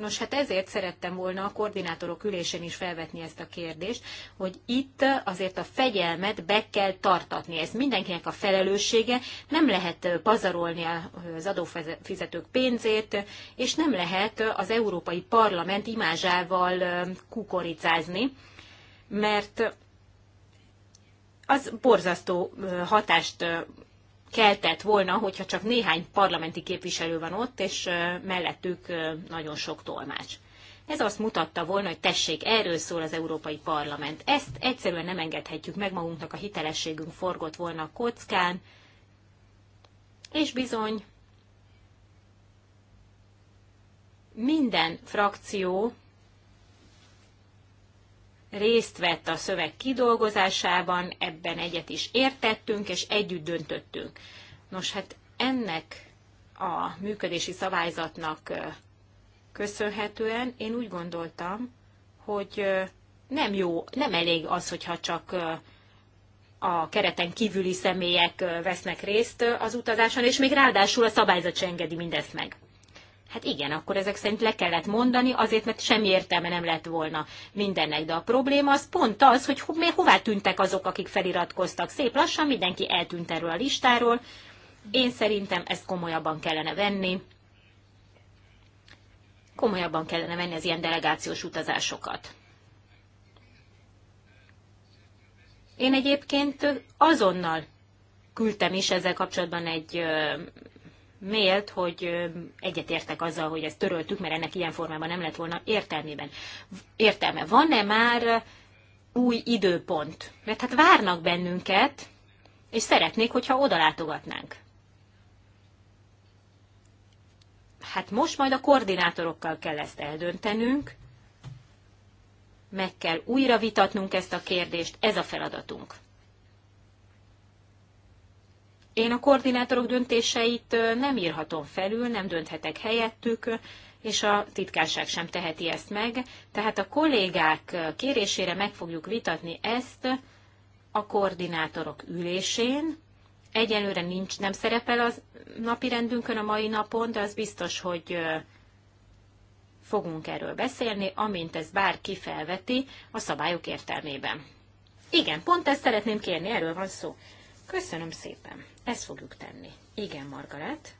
Nos, hát ezért szerettem volna a koordinátorok ülésén is felvetni ezt a kérdést, hogy itt azért a fegyelmet be kell tartatni. Ez mindenkinek a felelőssége, nem lehet pazarolni az adófizetők pénzét, és nem lehet az Európai Parlament imázsával kukoricázni, mert az borzasztó hatást keltett volna, hogyha csak néhány parlamenti képviselő van ott, és mellettük nagyon sok tolmács. Ez azt mutatta volna, hogy tessék, erről szól az Európai Parlament. Ezt egyszerűen nem engedhetjük meg magunknak, a hitelességünk forgott volna a kockán, és bizony minden frakció részt vett a szöveg kidolgozásában, ebben egyet is értettünk, és együtt döntöttünk. Nos, hát ennek a működési szabályzatnak köszönhetően én úgy gondoltam, hogy nem jó, nem elég az, hogyha csak a kereten kívüli személyek vesznek részt az utazáson, és még ráadásul a szabályzat se engedi mindezt meg. Hát igen, akkor ezek szerint le kellett mondani, azért, mert semmi értelme nem lett volna mindennek. De a probléma az pont az, hogy hová tűntek azok, akik feliratkoztak. Szép lassan mindenki eltűnt erről a listáról. Én szerintem ezt komolyabban kellene venni. Komolyabban kellene venni az ilyen delegációs utazásokat. Én egyébként azonnal küldtem is ezzel kapcsolatban egy mélt, hogy egyetértek azzal, hogy ezt töröltük, mert ennek ilyen formában nem lett volna értelmében. értelme. Van-e már új időpont? Mert hát várnak bennünket, és szeretnék, hogyha oda látogatnánk. Hát most majd a koordinátorokkal kell ezt eldöntenünk, meg kell újra vitatnunk ezt a kérdést, ez a feladatunk. Én a koordinátorok döntéseit nem írhatom felül, nem dönthetek helyettük, és a titkárság sem teheti ezt meg. Tehát a kollégák kérésére meg fogjuk vitatni ezt a koordinátorok ülésén. Egyelőre nincs, nem szerepel az napi rendünkön a mai napon, de az biztos, hogy fogunk erről beszélni, amint ez bárki felveti a szabályok értelmében. Igen, pont ezt szeretném kérni, erről van szó. Köszönöm szépen! Ezt fogjuk tenni. Igen, Margaret.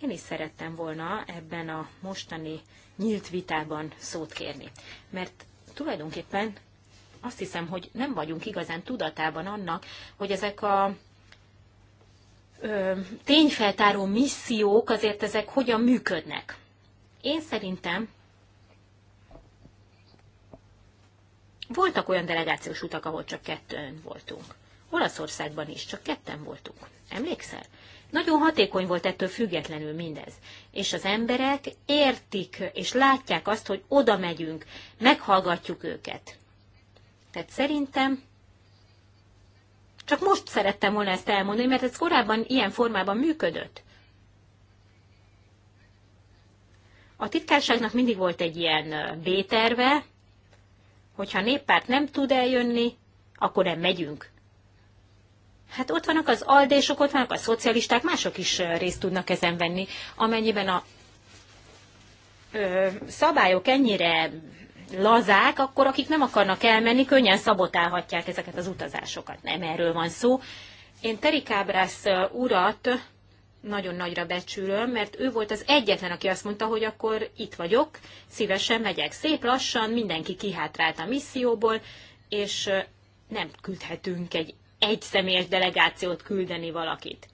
Én is szerettem volna ebben a mostani nyílt vitában szót kérni. Mert tulajdonképpen azt hiszem, hogy nem vagyunk igazán tudatában annak, hogy ezek a ö, tényfeltáró missziók azért ezek hogyan működnek. Én szerintem voltak olyan delegációs utak, ahol csak kettőn voltunk. Olaszországban is, csak ketten voltunk. Emlékszel? Nagyon hatékony volt ettől függetlenül mindez. És az emberek értik és látják azt, hogy oda megyünk, meghallgatjuk őket. Tehát szerintem csak most szerettem volna ezt elmondani, mert ez korábban ilyen formában működött. A titkárságnak mindig volt egy ilyen B-terve, hogyha néppárt nem tud eljönni, akkor nem megyünk. Hát ott vannak az aldésok, ott vannak a szocialisták, mások is részt tudnak ezen venni. Amennyiben a ö, szabályok ennyire lazák, akkor akik nem akarnak elmenni, könnyen szabotálhatják ezeket az utazásokat. Nem erről van szó. Én Terikábrász urat nagyon nagyra becsülöm, mert ő volt az egyetlen, aki azt mondta, hogy akkor itt vagyok, szívesen megyek. Szép lassan, mindenki kihátrált a misszióból, és nem küldhetünk egy egy személyes delegációt küldeni valakit,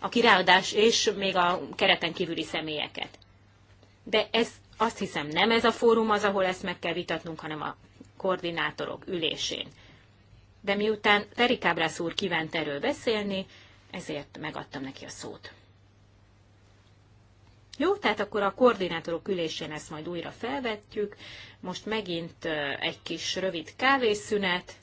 aki ráadás és még a kereten kívüli személyeket. De ez azt hiszem nem ez a fórum az, ahol ezt meg kell vitatnunk, hanem a koordinátorok ülésén. De miután Feri Kábrász úr kívánt erről beszélni, ezért megadtam neki a szót. Jó, tehát akkor a koordinátorok ülésén ezt majd újra felvetjük. Most megint egy kis rövid kávészünet,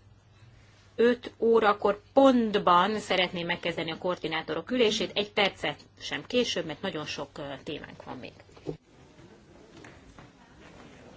5 órakor pontban szeretném megkezdeni a koordinátorok ülését, egy percet sem később, mert nagyon sok témánk van még.